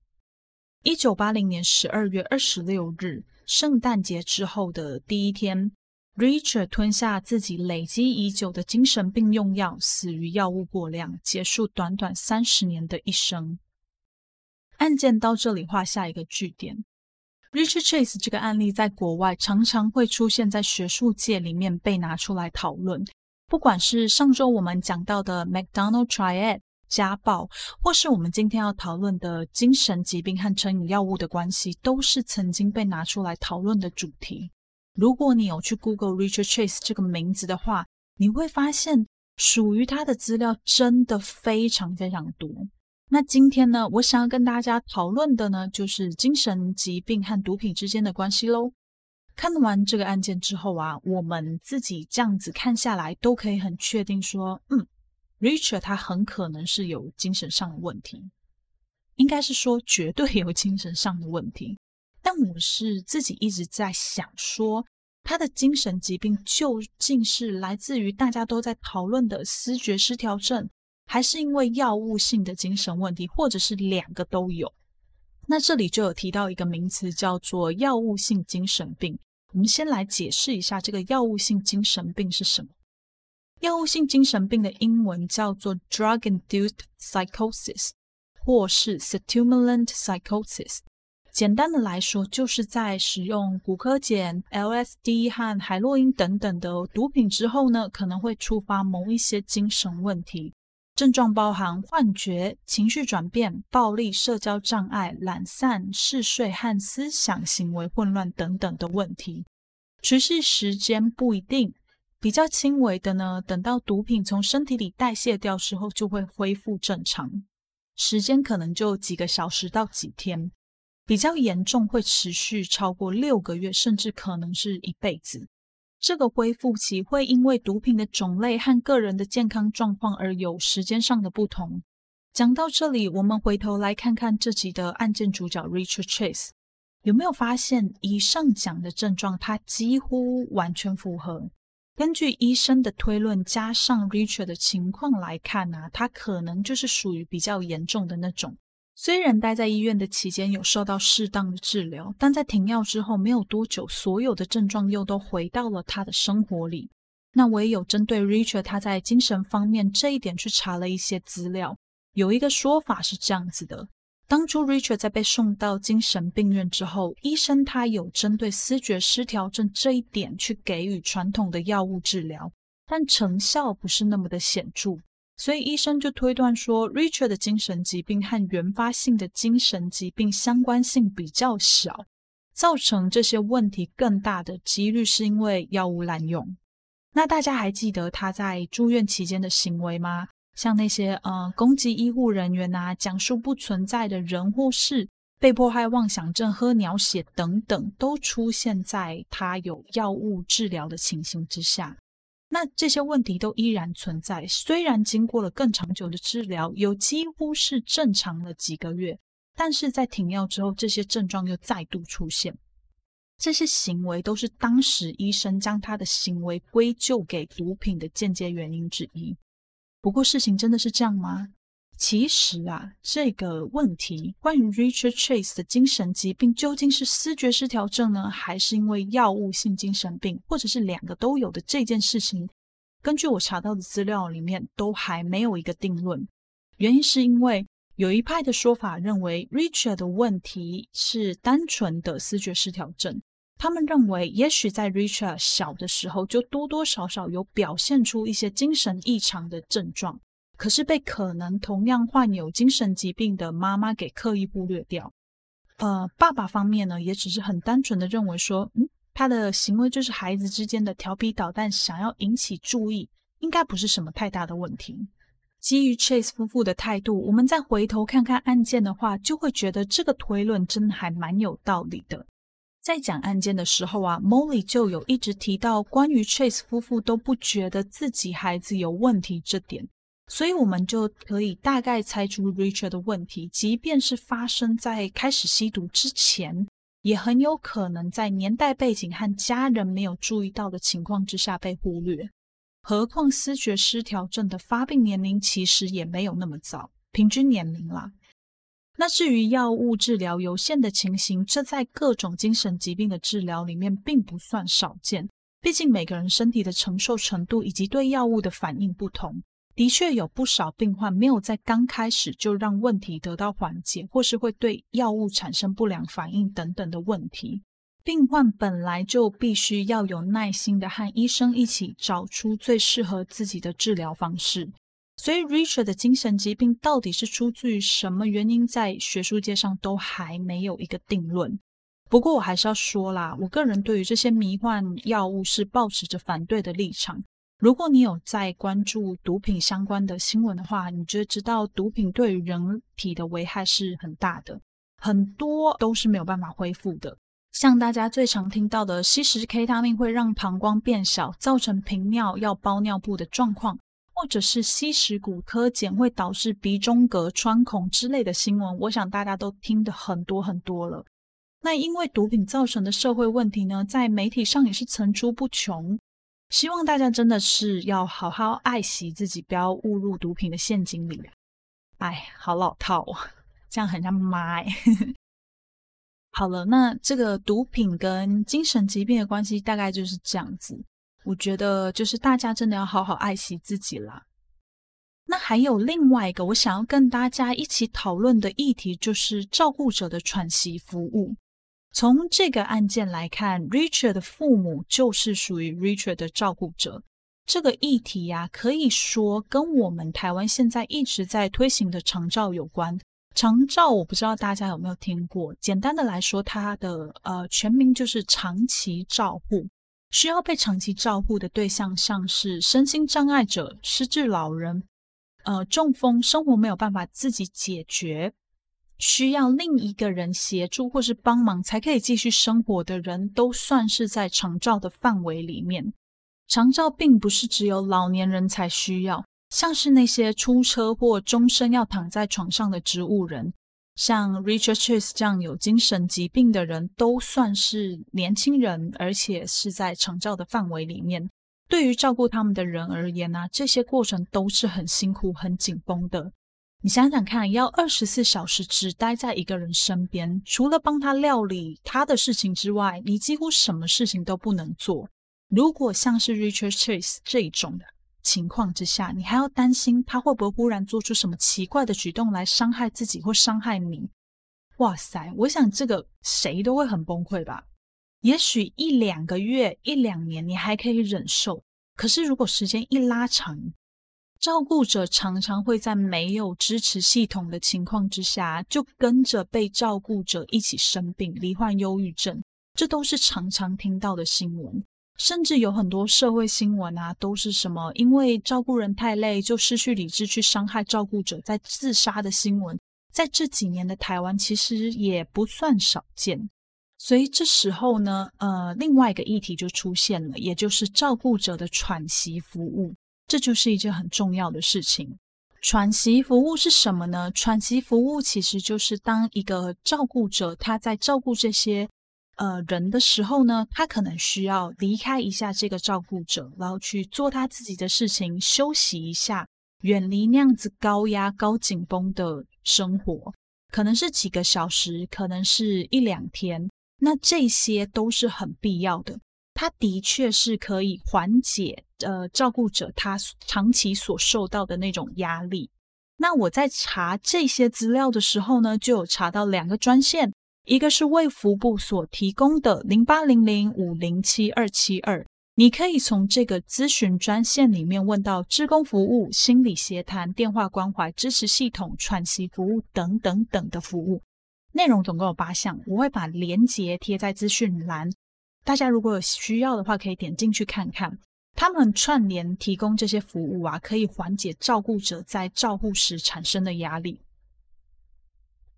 [SPEAKER 1] 一九八零年十二月二十六日，聖誕節之後的第一天，Richard 吞下自己累積已久的精神病用藥，死於藥物過量，結束短短三十年的一生。案件到這裡畫下一個句點。Richard Chase 這個案例在國外常常會出現在學術界裡面被拿出來討論。不管是上周我們講到的 McDonald Triad 家暴，或是我們今天要討論的精神疾病和成癮藥物的關係，都是曾經被拿出來討論的主題。如果你有去 Google Richard Chase 這個名字的話，你會發現屬於他的資料真的非常非常多。那今天呢，我想要跟大家討論的呢，就是精神疾病和毒品之間的關係嘍。看完這個案件之後啊，我們自己這樣子看下來，都可以很確定說，嗯，Richard 他很可能是有精神上的問題，應該是說絕對有精神上的問題。但我是自己一直在想說，他的精神疾病究竟是來自於大家都在討論的思覺失調症，還是因為藥物性的精神問題，或者是兩個都有。那這裡就有提到一個名詞，叫做藥物性精神病。我們先來解釋一下這個藥物性精神病是什麼。藥物性精神病的英文叫做 drug induced psychosis，或是 stimulant psychosis。簡單的來說，就是在使用古柯鹼、LSD 和海洛因等等的毒品之後呢，可能會觸發某一些精神問題。症狀包含幻覺、情緒轉變、暴力、社交障礙、懶散、嗜睡和思想行為混亂等等的問題。持續時間不一定，比較輕微的呢，等到毒品從身體裡代謝掉之後就會恢復正常，時間可能就幾個小時到幾天；比較嚴重會持續超過六個月，甚至可能是一輩子。這個恢復期會因為毒品的種類和個人的健康狀況而有時間上的不同。講到這裡，我們回頭來看看這集的案件主角 Richard Chase，有沒有發現以上講的症狀，他幾乎完全符合。根據醫生的推論加上 Richard 的情況來看啊，他可能就是屬於比較嚴重的那種。雖然待在醫院的期間有受到適當的治療，但在停藥之後沒有多久，所有的症狀又都回到了他的生活裡。那我也有針對 Richard 他在精神方面這一點去查了一些資料，有一個說法是這樣子的。當初 Richard 在被送到精神病院之後，醫生他有針對思覺失調症這一點去給予傳統的藥物治療，但成效不是那麼的顯著。所以醫生就推斷說，Richard 的精神疾病和原發性的精神疾病相關性比較小，造成這些問題更大的幾率是因為藥物濫用。那大家還記得他在住院期間的行為嗎？像那些呃攻擊醫護人員啊，講述不存在的人或事，被迫害妄想症，喝鳥血等等，都出現在他有藥物治療的情形之下。那這些問題都依然存在，雖然經過了更長久的治療，有幾乎是正常了幾個月，但是在停藥之後，這些症狀又再度出現。這些行為都是當時醫生將他的行為歸咎給毒品的間接原因之一。不過，事情真的是這樣嗎？其實啊，這個問題關於 Richard Chase 的精神疾病究竟是思覺失調症呢，還是因為藥物性精神病，或者是兩個都有的這件事情，根據我查到的資料裡面，都還沒有一個定論。原因是因為有一派的說法認為 Richard 的問題是單純的思覺失調症，他們認為也許在 Richard 小的時候就多多少少有表現出一些精神異常的症狀。可是被可能同樣患有精神疾病的媽媽給刻意忽略掉，呃，爸爸方面呢，也只是很單純的認為說，嗯，他的行為就是孩子之間的調皮搗蛋，想要引起注意，應該不是什麼太大的問題。基於 Chase 夫婦的態度，我們再回頭看看案件的話，就會覺得這個推論真的還蠻有道理的。在講案件的時候啊，Molly 就有一直提到關於 Chase 夫婦都不覺得自己孩子有問題這點。所以，我們就可以大概猜出 Richard 的問題，即便是發生在開始吸毒之前，也很有可能在年代背景和家人沒有注意到的情況之下被忽略。何況，思覺失調症的發病年齡其實也沒有那麼早，平均年齡啦。那至於藥物治療有限的情形，這在各種精神疾病的治療裡面並不算少見，畢竟，每個人身體的承受程度以及對藥物的反應不同。的確有不少病患沒有在剛開始就讓問題得到緩解，或是會對藥物產生不良反應等等的問題。病患本來就必須要有耐心的和醫生一起找出最適合自己的治療方式。所以，Richard 的精神疾病到底是出自於什麼原因，在學術界上都還沒有一個定論。不過，我還是要說啦，我個人對於這些迷幻藥物是抱持着反對的立場。如果你有在關注毒品相關的新聞的話，你就知道毒品對於人體的危害是很大的，很多都是沒有辦法恢復的。像大家最常聽到的，吸食 K 他命會讓膀胱變小，造成頻尿要包尿布的狀況；或者是吸食古柯鹼會導致鼻中隔穿孔之類的新聞，我想大家都聽得很多很多了。那因為毒品造成的社會問題呢，在媒體上也是層出不窮。希望大家真的是要好好愛惜自己，不要誤入毒品的陷阱裡。哎，好老套哦，這樣很像媽哎。 好了，那這個毒品跟精神疾病的關係大概就是這樣子。我覺得就是大家真的要好好愛惜自己啦。那還有另外一個我想要跟大家一起討論的議題，就是照顧者的喘息服務。從這個案件來看，Richard 的父母就是屬於 Richard 的照顧者。這個議題呀、啊，可以說跟我們台灣現在一直在推行的長照有關。長照我不知道大家有沒有聽過，簡單的來說，它的呃全名就是長期照顧。需要被長期照顧的對象，像是身心障礙者、失智老人、呃中風，生活沒有辦法自己解決。需要另一個人協助或是幫忙才可以繼續生活的人，都算是在長照的範圍裡面。長照並不是只有老年人才需要，像是那些出車禍終身要躺在床上的植物人，像 Richard Chase 這樣有精神疾病的人，都算是年輕人，而且是在長照的範圍裡面。對於照顧他們的人而言啊，這些過程都是很辛苦、很緊繃的。你想想看，要二十四小時只待在一個人身邊，除了幫他料理他的事情之外，你幾乎什麼事情都不能做。如果像是 Richard Chase 這一種的情況之下，你還要擔心他會不會忽然做出什麼奇怪的舉動來傷害自己或傷害你。哇塞，我想這個誰都會很崩潰吧？也許一兩個月、一兩年你還可以忍受，可是如果時間一拉長，照顧者常常會在沒有支持系統的情況之下，就跟着被照顧者一起生病、罹患憂鬱症，這都是常常聽到的新聞。甚至有很多社會新聞啊，都是什麼因為照顧人太累就失去理智去傷害照顧者，再自殺的新聞，在這幾年的台灣其實也不算少見。所以這時候呢，呃，另外一個議題就出現了，也就是照顧者的喘息服務。這就是一件很重要的事情。喘息服務是什麼呢？喘息服務其實就是當一個照顧者他在照顧這些呃人的時候呢，他可能需要離開一下這個照顧者，然後去做他自己的事情，休息一下，遠離那樣子高壓高緊繃的生活，可能是幾個小時，可能是一兩天，那這些都是很必要的。它的確是可以緩解。呃，照顧者他長期所受到的那種壓力。那我在查這些資料的時候呢，就有查到兩個專線，一個是衛福部所提供的零八零零五零七二七二，你可以從這個諮詢專線裡面問到職工服務、心理協談、電話關懷支持系統、喘息服務等，等等等的服務內容，總共有八項。我會把鏈接貼在資訊欄，大家如果有需要的話，可以點進去看看。他們串聯提供這些服務啊，可以緩解照顧者在照顧時產生的壓力。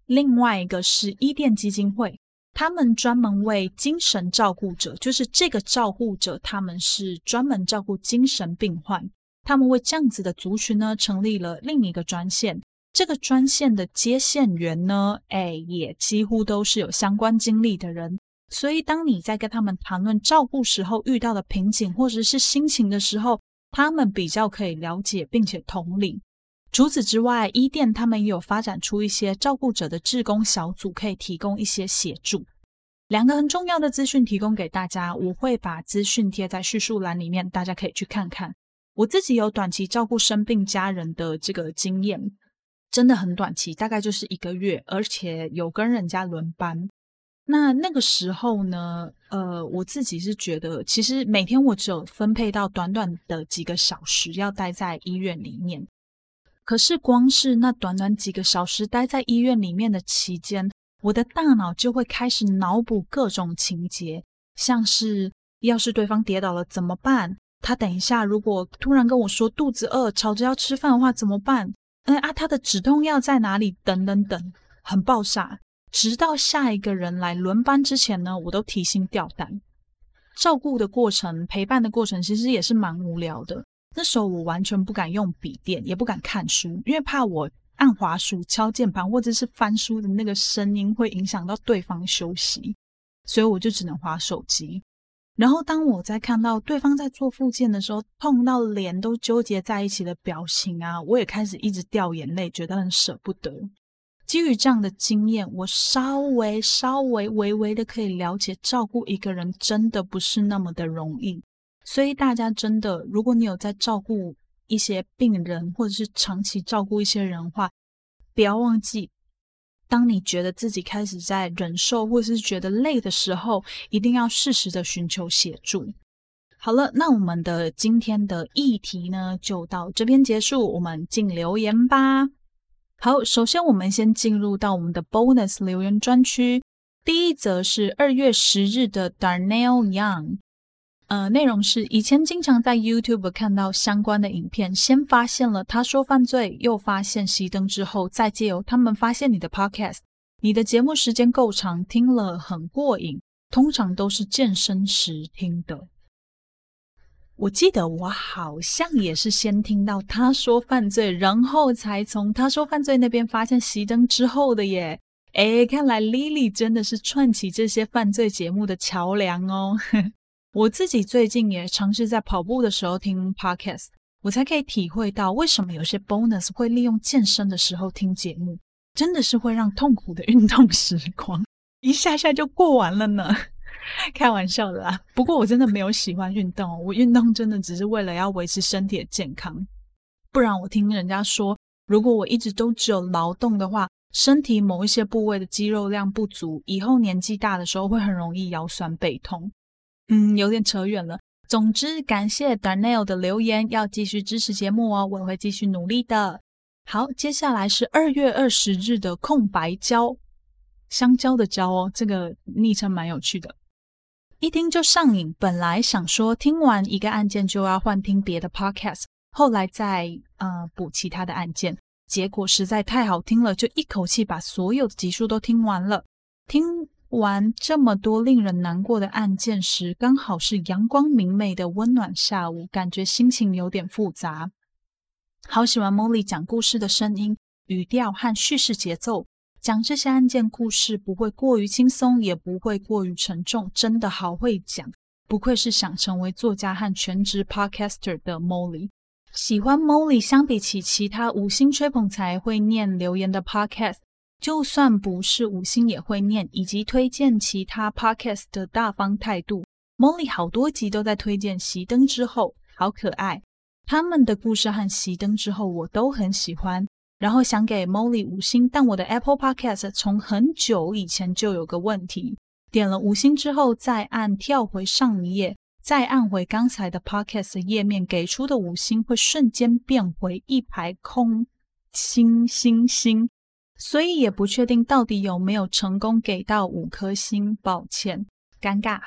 [SPEAKER 1] 另外一個是伊甸基金會，他們專門為精神照顧者，就是這個照顧者，他們是專門照顧精神病患，他們為這樣子的族群呢，成立了另一個專線。這個專線的接線員呢，哎，也幾乎都是有相關經歷的人。所以，當你在跟他們談論照顧時候遇到的瓶頸或者是心情的時候，他們比較可以了解並且同理。除此之外，伊甸他們也有發展出一些照顧者的志工小組，可以提供一些協助。兩個很重要的資訊提供給大家，我會把資訊貼在敘述欄裡面，大家可以去看看。我自己有短期照顧生病家人的這個經驗，真的很短期，大概就是一個月，而且有跟人家輪班。那那個時候呢，呃，我自己是覺得，其實每天我只有分配到短短的幾個小時要待在醫院裡面。可是，光是那短短幾個小時待在醫院裡面的期間，我的大腦就會開始腦補各種情節，像是要是對方跌倒了怎麼辦？他等一下如果突然跟我說肚子餓，吵着要吃飯的話怎麼辦？嗯啊，他的止痛藥在哪裡？等等等，很爆炸。直到下一個人來輪班之前呢，我都提心吊膽。照顧的過程、陪伴的過程，其實也是蠻無聊的。那時候我完全不敢用筆電，也不敢看書，因為怕我按滑鼠、敲鍵盤或者是翻書的那個聲音會影響到對方休息，所以我就只能滑手機。然後當我在看到對方在做復健的時候，痛到臉都糾結在一起的表情啊，我也開始一直掉眼淚，覺得很舍不得。基於這樣的經驗，我稍微稍微微微的可以了解，照顧一個人真的不是那麼的容易。所以大家真的，如果你有在照顧一些病人，或者是長期照顧一些人的話，不要忘記，當你覺得自己開始在忍受，或者是覺得累的時候，一定要適時的尋求協助。好了，那我們的今天的議題呢，就到這邊結束，我們進留言吧。好，首先我們先進入到我們的 Bonus 留言專區。第一則是二月十日的 Darnell Young，呃，內容是以前經常在 YouTube 看到相關的影片，先發現了他說犯罪，又發現熄燈之後，再借由他們發現你的 Podcast，你的節目時間夠長，聽了很過癮，通常都是健身時聽的。我記得我好像也是先聽到他說犯罪，然後才從他說犯罪那邊發現熄燈之後的耶。誒，看來 Lily 真的是串起這些犯罪節目的橋梁哦。 我自己最近也嘗試在跑步的時候聽 podcast，我才可以體會到為什麼有些 Bonus 會利用健身的時候聽節目，真的是會讓痛苦的運動時光一下下就過完了呢。開玩笑的啦，不過我真的沒有喜歡運動哦，我運動真的只是為了要維持身體的健康。不然我聽人家說，如果我一直都只有勞動的話，身體某一些部位的肌肉量不足，以後年紀大的時候會很容易腰酸背痛。嗯，有點扯遠了。總之，感謝 Daniel 的留言，要繼續支持節目哦，我會繼續努力的。好，接下來是二月二十日的空白膠，香蕉的膠哦，這個昵稱蠻有趣的。一聽就上癮。本來想說聽完一個案件就要換聽別的 podcast，後來再呃補其他的案件。結果實在太好聽了，就一口氣把所有的集數都聽完了。聽完這麼多令人難過的案件時，剛好是陽光明媚的溫暖下午，感覺心情有點複雜。好喜歡 Molly 講故事的聲音、語調和敘事節奏。講這些案件故事不會過於輕鬆，也不會過於沉重，真的好會講，不愧是想成為作家和全職 podcaster 的 Molly。喜歡 Molly，相比起其他五星吹捧才會念留言的 podcast，就算不是五星也會念，以及推薦其他 podcast 的大方態度，Molly 好多集都在推薦《熄燈之後》，好可愛，他們的故事和《熄燈之後》我都很喜歡。然後想給 Molly 五星，但我的 Apple Podcast 從很久以前就有個問題：點了五星之後，再按跳回上一頁，再按回剛才的 Podcast 的頁面，給出的五星會瞬間變回一排空星星星，所以也不確定到底有沒有成功給到五顆星。抱歉，尷尬。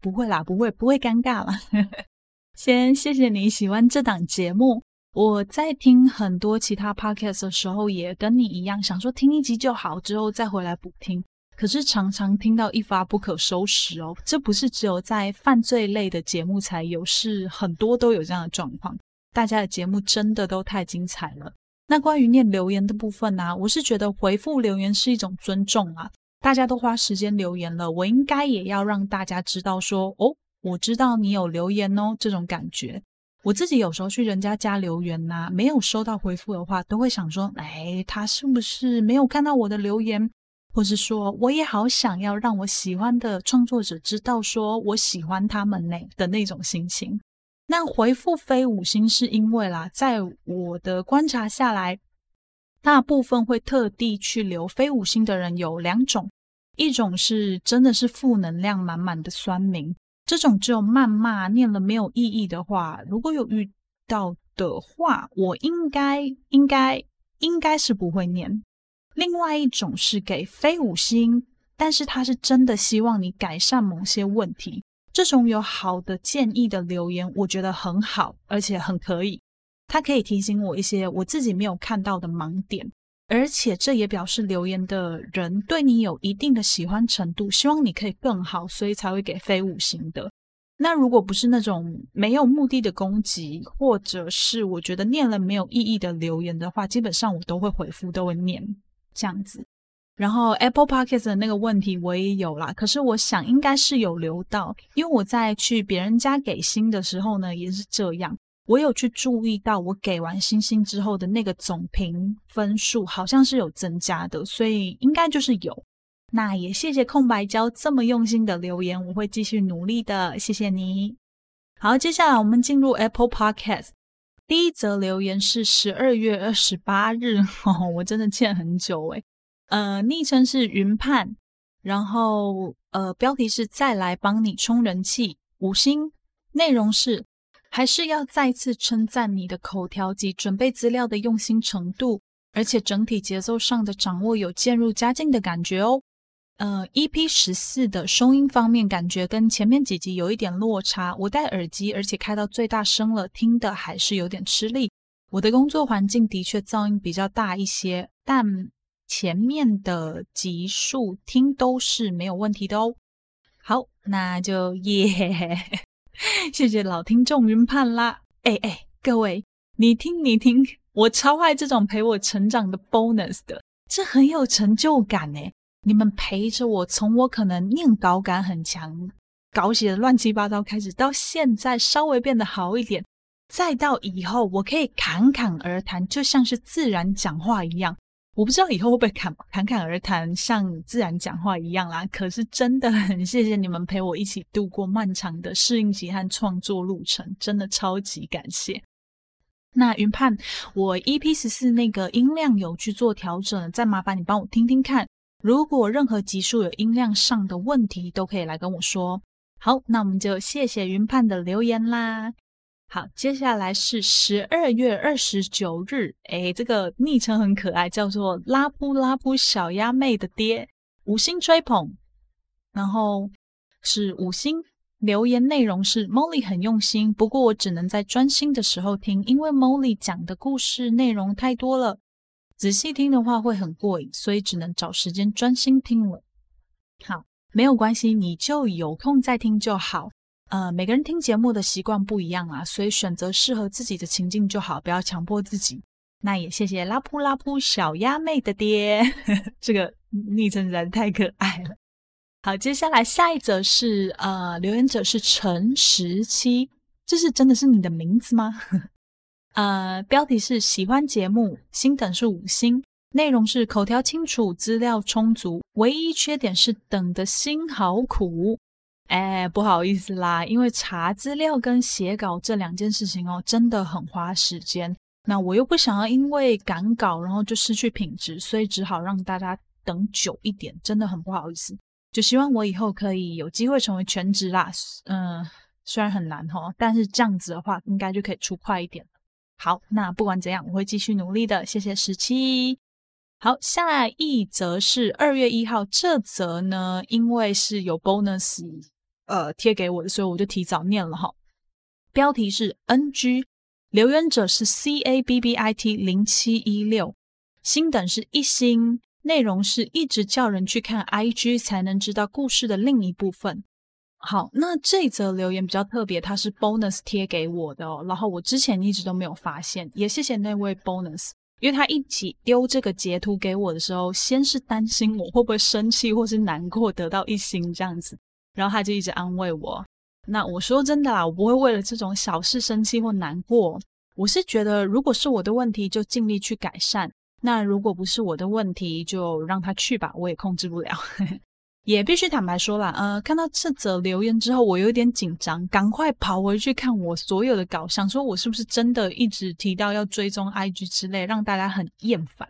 [SPEAKER 1] 不會啦，不會，不會尷尬啦 先謝謝你喜歡這檔節目。我在聽很多其他 podcast 的時候，也跟你一樣，想說聽一集就好，之後再回來補聽。可是常常聽到一發不可收拾哦，這不是只有在犯罪類的節目才有，是很多都有這樣的狀況。大家的節目真的都太精彩了。那關於念留言的部分啊，我是覺得回復留言是一種尊重啊，大家都花時間留言了，我應該也要讓大家知道說，哦，我知道你有留言哦，這種感覺。我自己有時候去人家家留言吶、啊，沒有收到回復的話，都會想說，哎，他是不是沒有看到我的留言，或是說我也好想要讓我喜歡的創作者知道說我喜歡他們的那種心情。那回復非五星是因為啦，在我的觀察下來，大部分會特地去留非五星的人有兩種，一種是真的是負能量滿滿的酸民。這種只有謾罵、念了沒有意義的話，如果有遇到的話，我應該、應該、應該是不會念。另外一種是給非五星，但是他是真的希望你改善某些問題。這種有好的建議的留言，我覺得很好，而且很可以。他可以提醒我一些我自己沒有看到的盲點。而且這也表示留言的人對你有一定的喜歡程度，希望你可以更好，所以才會給非五星的。那如果不是那種沒有目的的攻擊，或者是我覺得念了沒有意義的留言的話，基本上我都會回復，都會念這樣子。然後 Apple Podcast 的那個問題我也有啦，可是我想應該是有留到，因為我在去別人家給星的時候呢，也是這樣。我有去注意到，我給完星星之後的那個總評分數好像是有增加的，所以應該就是有。那也謝謝空白膠這麼用心的留言，我會繼續努力的，謝謝你。好，接下來我們進入 Apple Podcast。第一則留言是十二月二十八日，哦，我真的欠很久哎。呃，昵稱是雲判，然後呃，標題是再來幫你充人氣，五星。內容是。還是要再次稱讚你的口條及準備資料的用心程度，而且整體節奏上的掌握有漸入佳境的感覺哦。呃，EP 十四的聲音方面感覺跟前面幾集有一點落差，我戴耳機而且開到最大聲了，聽的還是有點吃力。我的工作環境的確噪音比較大一些，但前面的集數聽都是沒有問題的哦。好，那就耶。 謝謝老聽眾云盼啦！哎哎，各位，你聽你聽，我超愛這種陪我成長的 bonus 的，這很有成就感誒，你們陪着我，從我可能念稿感很強，稿寫的亂七八糟開始，到現在稍微變得好一點，再到以後我可以侃侃而談，就像是自然講話一樣。我不知道以後會不會侃侃侃而談，像自然講話一樣啦。可是真的很謝謝你們陪我一起度過漫長的適應期和創作路程，真的超級感謝。那雲判，我 EP 十四那個音量有去做調整，再麻煩你幫我聽聽看。如果任何集數有音量上的問題，都可以來跟我說。好，那我們就謝謝雲判的留言啦。好，接下來是十二月二十九日，誒，這個昵稱很可愛，叫做拉布拉布小鴨妹的爹，五星追捧。然後是五星留言，內容是 Molly 很用心，不過我只能在專心的時候聽，因為 Molly 講的故事內容太多了，仔細聽的話會很過癮，所以只能找時間專心聽了。好，沒有關係，你就有空再聽就好。呃，每個人聽節目的習慣不一樣啊，所以選擇適合自己的情境就好，不要強迫自己。那也謝謝拉撲拉撲小鴨妹的爹， 這個暱稱實在太可愛了。好，接下來下一則是呃，留言者是陳十七，這是真的是你的名字嗎？ 呃，標題是喜歡節目，星等是五星，內容是口條清楚，資料充足，唯一缺點是等的心好苦。哎，不好意思啦，因為查資料跟寫稿這兩件事情哦，真的很花時間。那我又不想要因為趕稿然後就失去品質，所以只好讓大家等久一點，真的很不好意思。就希望我以後可以有機會成為全職啦，嗯，雖然很難吼、哦，但是這樣子的話應該就可以出快一點。好，那不管怎樣，我會繼續努力的。謝謝十七。好，下一則是二月一號，這則呢，因為是有 bonus。呃，貼給我的，所以我就提早念了哈。標題是 NG，留言者是 CABBIT 零七一六，星等是一星，內容是一直叫人去看 IG 才能知道故事的另一部分。好，那這則留言比較特別，它是 bonus 貼給我的哦，然後我之前一直都沒有發現，也謝謝那位 bonus，因為他一起丟這個截圖給我的時候，先是擔心我會不會生氣或是難過得到一星這樣子。然後他就一直安慰我。那我說真的啦，我不會為了這種小事生氣或難過。我是覺得，如果是我的問題，就盡力去改善；那如果不是我的問題，就讓他去吧，我也控制不了。 也必須坦白說啦，呃，看到這則留言之後，我有點緊張，趕快跑回去看我所有的稿，想說我是不是真的一直提到要追蹤 IG 之類，讓大家很厭煩。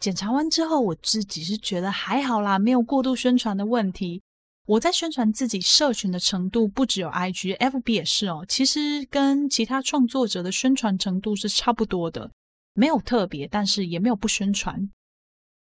[SPEAKER 1] 檢 查完之後，我自己是覺得還好啦，沒有過度宣傳的問題。我在宣傳自己社群的程度不只有 IG，FB 也是哦。其實跟其他創作者的宣傳程度是差不多的，沒有特別，但是也沒有不宣傳。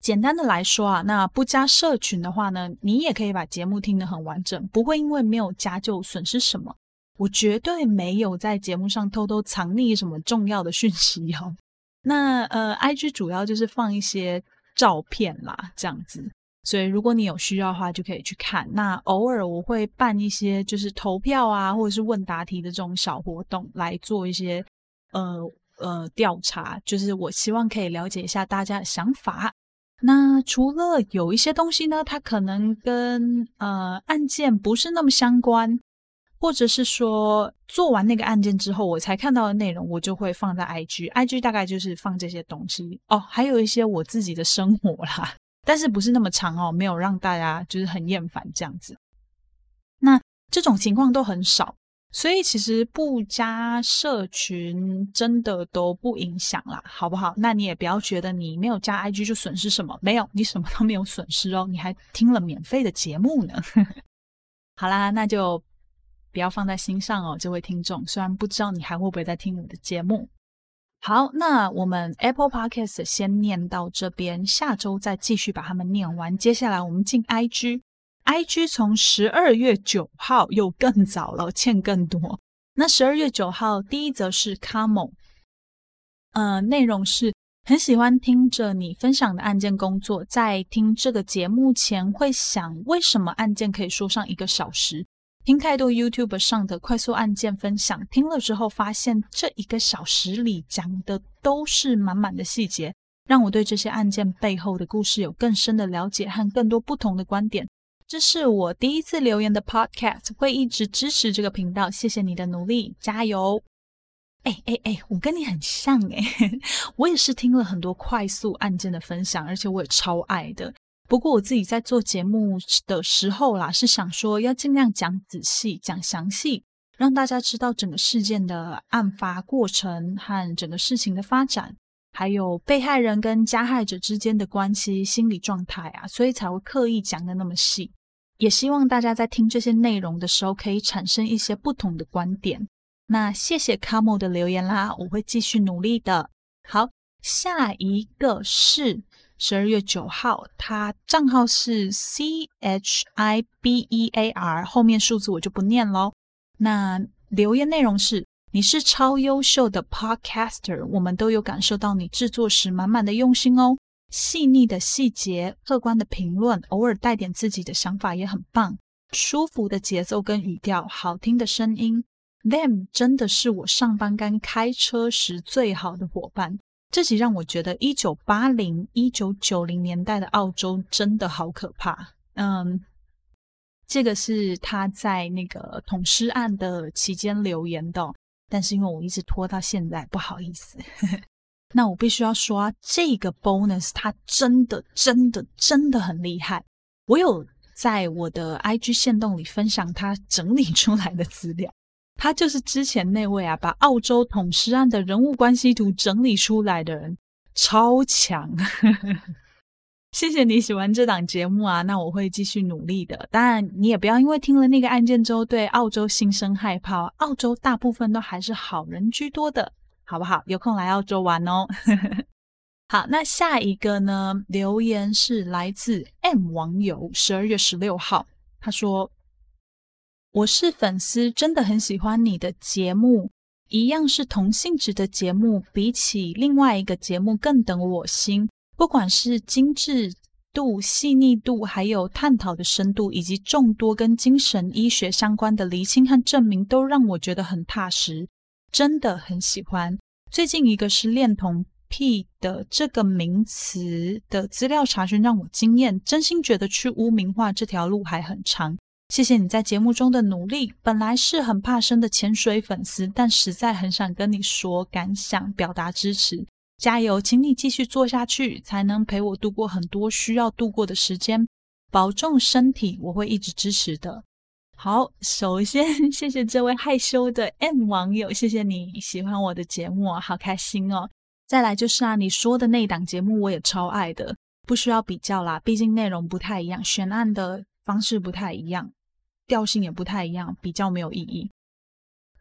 [SPEAKER 1] 簡單的來說啊，那不加社群的話呢，你也可以把節目聽得很完整，不會因為沒有加就損失什麼。我絕對沒有在節目上偷偷藏匿什麼重要的訊息哦。那呃，IG 主要就是放一些照片啦，這樣子。所以，如果你有需要的話，就可以去看。那偶爾我會辦一些，就是投票啊，或者是問答題的這種小活動，來做一些呃呃調查，就是我希望可以了解一下大家的想法。那除了有一些東西呢，它可能跟呃案件不是那麼相關，或者是說做完那個案件之後我才看到的內容，我就會放在 IG，IG IG 大概就是放這些東西哦，還有一些我自己的生活啦。但是不是那麼長哦，沒有讓大家就是很厭煩這樣子。那這種情況都很少，所以其實不加社群真的都不影響啦，好不好？那你也不要覺得你沒有加 IG 就損失什麼，沒有，你什麼都沒有損失哦，你還聽了免費的節目呢。 好啦，那就不要放在心上哦，這位聽眾。雖然不知道你還會不會再聽我的節目。好，那我們 Apple Podcast 先念到這邊，下週再繼續把它們念完。接下來我們進 I G，I G 從十二月九號又更早了，欠更多。那十二月九號第一則是 Come，嗯、呃，內容是很喜歡聽着你分享的案件工作，在聽這個節目前會想為什麼案件可以說上一個小時。聽太多 YouTube 上的快速案件分享，聽了之後發現這一個小時裡講的都是滿滿的細節，讓我對這些案件背後的故事有更深的了解和更多不同的觀點。這是我第一次留言的 Podcast，會一直支持這個頻道。謝謝你的努力，加油！哎哎哎，我跟你很像哎，呵呵，我也是聽了很多快速案件的分享，而且我也超愛的。不過我自己在做節目的時候啦，是想說要盡量講仔細、講詳細，讓大家知道整個事件的案發過程和整個事情的發展，還有被害人跟加害者之間的關係、心理狀態啊，所以才會刻意講得那麼細。也希望大家在聽這些內容的時候，可以產生一些不同的觀點。那謝謝 Camo 的留言啦，我會繼續努力的。好，下一個是。十二月九號，他賬號是 C H I B E A R，後面數字我就不念嘍。那留言內容是：你是超優秀的 podcaster，我們都有感受到你制作時滿滿的用心哦，細膩的細節，客觀的評論，偶爾帶點自己的想法也很棒，舒服的節奏跟語調，好聽的聲音。Them 真的是我上班跟開車時最好的夥伴。這集讓我覺得一九八零、一九九零年代的澳洲真的好可怕。嗯，這個是他在那個捅屍案的期間留言的，但是因為我一直拖到現在，不好意思。 那我必須要說，這個 bonus 他真的、真的、真的很厲害。我有在我的 IG 限動裡分享他整理出來的資料。他就是之前那位啊，把澳洲桶屍案的人物關係圖整理出來的人，超強！ 謝謝你喜歡這檔節目啊，那我會繼續努力的。當然，你也不要因為聽了那個案件之後對澳洲心生害怕，澳洲大部分都還是好人居多的，好不好？有空來澳洲玩哦。 好，那下一個呢？留言是來自 M 網友十二月十六號，他說。我是粉絲，真的很喜歡你的節目。一樣是同性質的節目，比起另外一個節目更懂我心。不管是精緻度、細膩度，還有探討的深度，以及眾多跟精神醫學相關的釐清和證明，都讓我覺得很踏實。真的很喜歡。最近一個是戀童癖的這個名詞的資料查詢讓我驚艷，真心覺得去污名化這條路還很長。謝謝你在節目中的努力。本來是很怕生的潛水粉絲，但實在很想跟你說感想，表達支持，加油，請你繼續做下去，才能陪我度過很多需要度過的時間。保重身體，我會一直支持的。好，首先謝謝這位害羞的 N 網友，謝謝你喜歡我的節目，好開心哦。再來就是啊，你說的那一檔節目我也超愛的，不需要比較啦，畢竟內容不太一樣，選案的方式不太一樣。調性也不太一樣，比較沒有意義。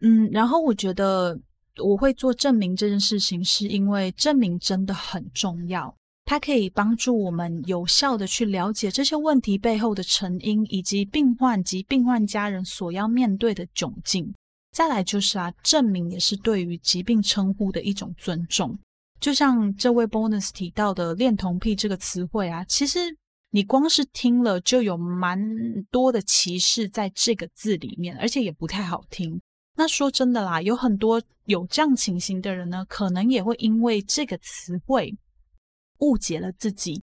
[SPEAKER 1] 嗯，然後我覺得我會做正名這件事情，是因為正名真的很重要，它可以幫助我們有效地去了解這些問題背後的成因，以及病患及病患家人所要面對的窘境。再來就是啊，正名也是對於疾病稱呼的一種尊重。就像這位 bonus 提到的“戀童癖”這個詞彙啊，其實。你光是聽了就有蠻多的歧視在這個字裡面，而且也不太好聽。那說真的啦，有很多有這樣情形的人呢，可能也會因為這個詞彙誤解了自己，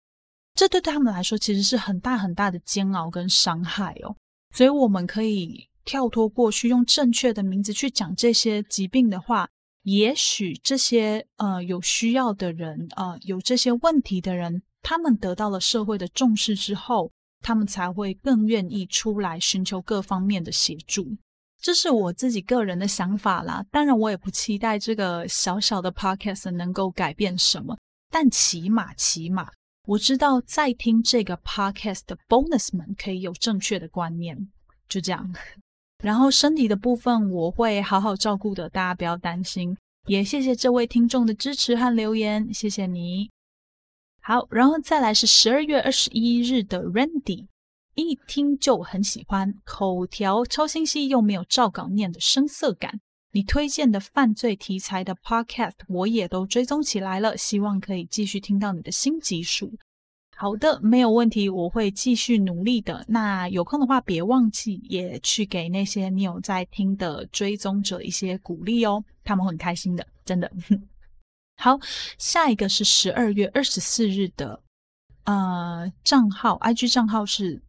[SPEAKER 1] 這對，對他們來說其實是很大很大的煎熬跟傷害哦。所以我們可以跳脫過去，用正確的名字去講這些疾病的話，也許這些呃有需要的人啊、呃，有這些問題的人。他們得到了社會的重視之後，他們才會更願意出來尋求各方面的協助。這是我自己個人的想法啦。當然，我也不期待這個小小的 podcast 能夠改變什麼，但起碼起碼，我知道在聽這個 podcast 的 Bonus 們可以有正確的觀念。就這樣，然後身體的部分我會好好照顧的，大家不要擔心。也謝謝這位聽眾的支持和留言，謝謝你。好，然後再來是十二月二十一日的 Randy，一聽就很喜歡，口條超清晰，又沒有照稿念的生澀感。你推薦的犯罪題材的 podcast 我也都追蹤起來了，希望可以繼續聽到你的新集數。好的，沒有問題，我會繼續努力的。那有空的話，別忘記也去給那些你有在聽的追蹤者一些鼓勵哦，他們很開心的，真的。 好，下一個是十二月二十四日的，呃，賬號 IG 賬號是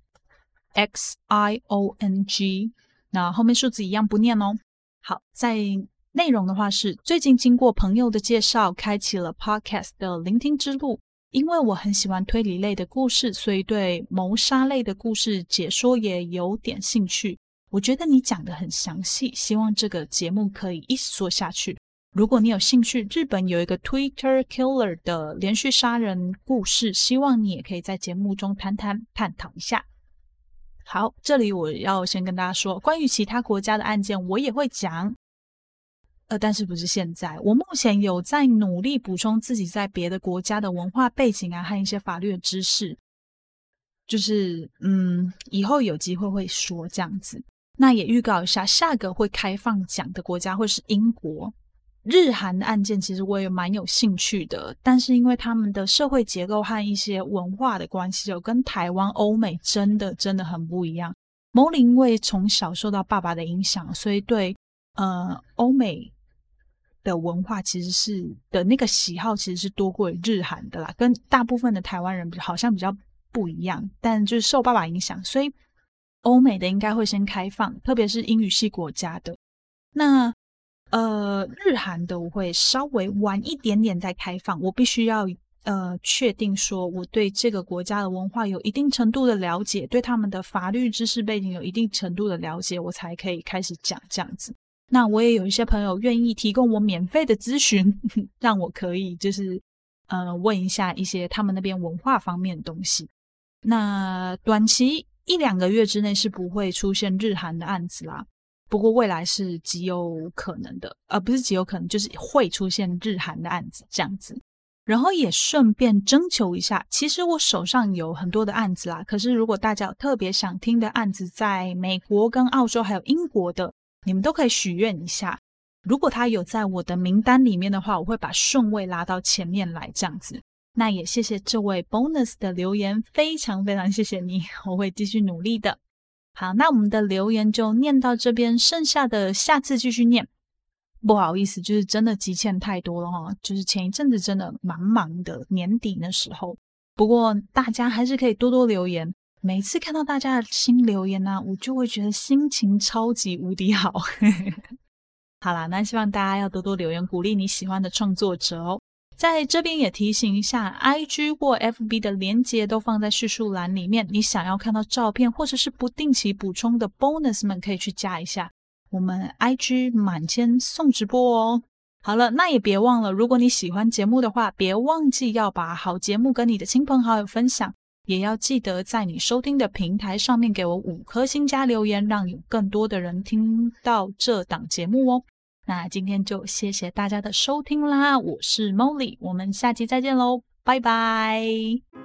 [SPEAKER 1] XIONG，那後面數字一樣不念哦。好，在內容的話是最近經過朋友的介紹，開啟了 Podcast 的聆聽之路。因為我很喜歡推理類的故事，所以對謀殺類的故事解說也有點興趣。我覺得你講的很詳細，希望這個節目可以一直做下去。如果你有興趣，日本有一個 Twitter Killer 的連續殺人故事，希望你也可以在節目中談談探討一下。好，這裡我要先跟大家說，關於其他國家的案件，我也會講。呃，但是不是現在？我目前有在努力補充自己在別的國家的文化背景啊，和一些法律的知識。就是，嗯，以後有機會會說這樣子。那也預告一下，下個會開放講的國家會是英國。日韓的案件其實我也蠻有興趣的，但是因為他們的社會結構和一些文化的關係，就跟台灣、歐美真的真的很不一樣。Molly 因為從小受到爸爸的影響，所以對呃歐美的文化其實是的那個喜好，其實是多過於日韓的啦，跟大部分的台灣人好像比較不一樣。但就是受爸爸影響，所以歐美的應該會先開放，特別是英語系國家的。那呃，日韓的我會稍微晚一點點再開放。我必須要呃確定說，我對這個國家的文化有一定程度的了解，對他們的法律知識背景有一定程度的了解，我才可以開始講這樣子。那我也有一些朋友願意提供我免費的諮詢，讓我可以就是呃問一下一些他們那邊文化方面的東西。那短期一兩個月之內是不會出現日韓的案子啦。不過未來是極有可能的，而、呃、不是極有可能，就是會出現日韓的案子這樣子。然後也順便徵求一下，其實我手上有很多的案子啦。可是如果大家有特別想聽的案子，在美國、跟澳洲還有英國的，你們都可以許願一下。如果他有在我的名單裡面的話，我會把順位拉到前面來這樣子。那也謝謝這位 bonus 的留言，非常非常謝謝你，我會繼續努力的。好，那我們的留言就念到這邊，剩下的下次繼續念。不好意思，就是真的積欠太多了哈、哦，就是前一陣子真的忙忙的，年底的時候。不過大家還是可以多多留言，每次看到大家的新留言呢、啊，我就會覺得心情超級無敵好。 好啦，那希望大家要多多留言，鼓勵你喜歡的創作者哦。在這邊也提醒一下，IG 或 FB 的連接都放在敘述欄裡面。你想要看到照片或者是不定期補充的 Bonus 們，可以去加一下我們 IG 滿千送直播哦。好了，那也別忘了，如果你喜歡節目的話，別忘記要把好節目跟你的親朋好友分享，也要記得在你收聽的平台上面給我五顆星加留言，讓有更多的人聽到這檔節目哦。那今天就謝謝大家的收聽啦，我是 Molly，我們下期再見嘍，拜拜。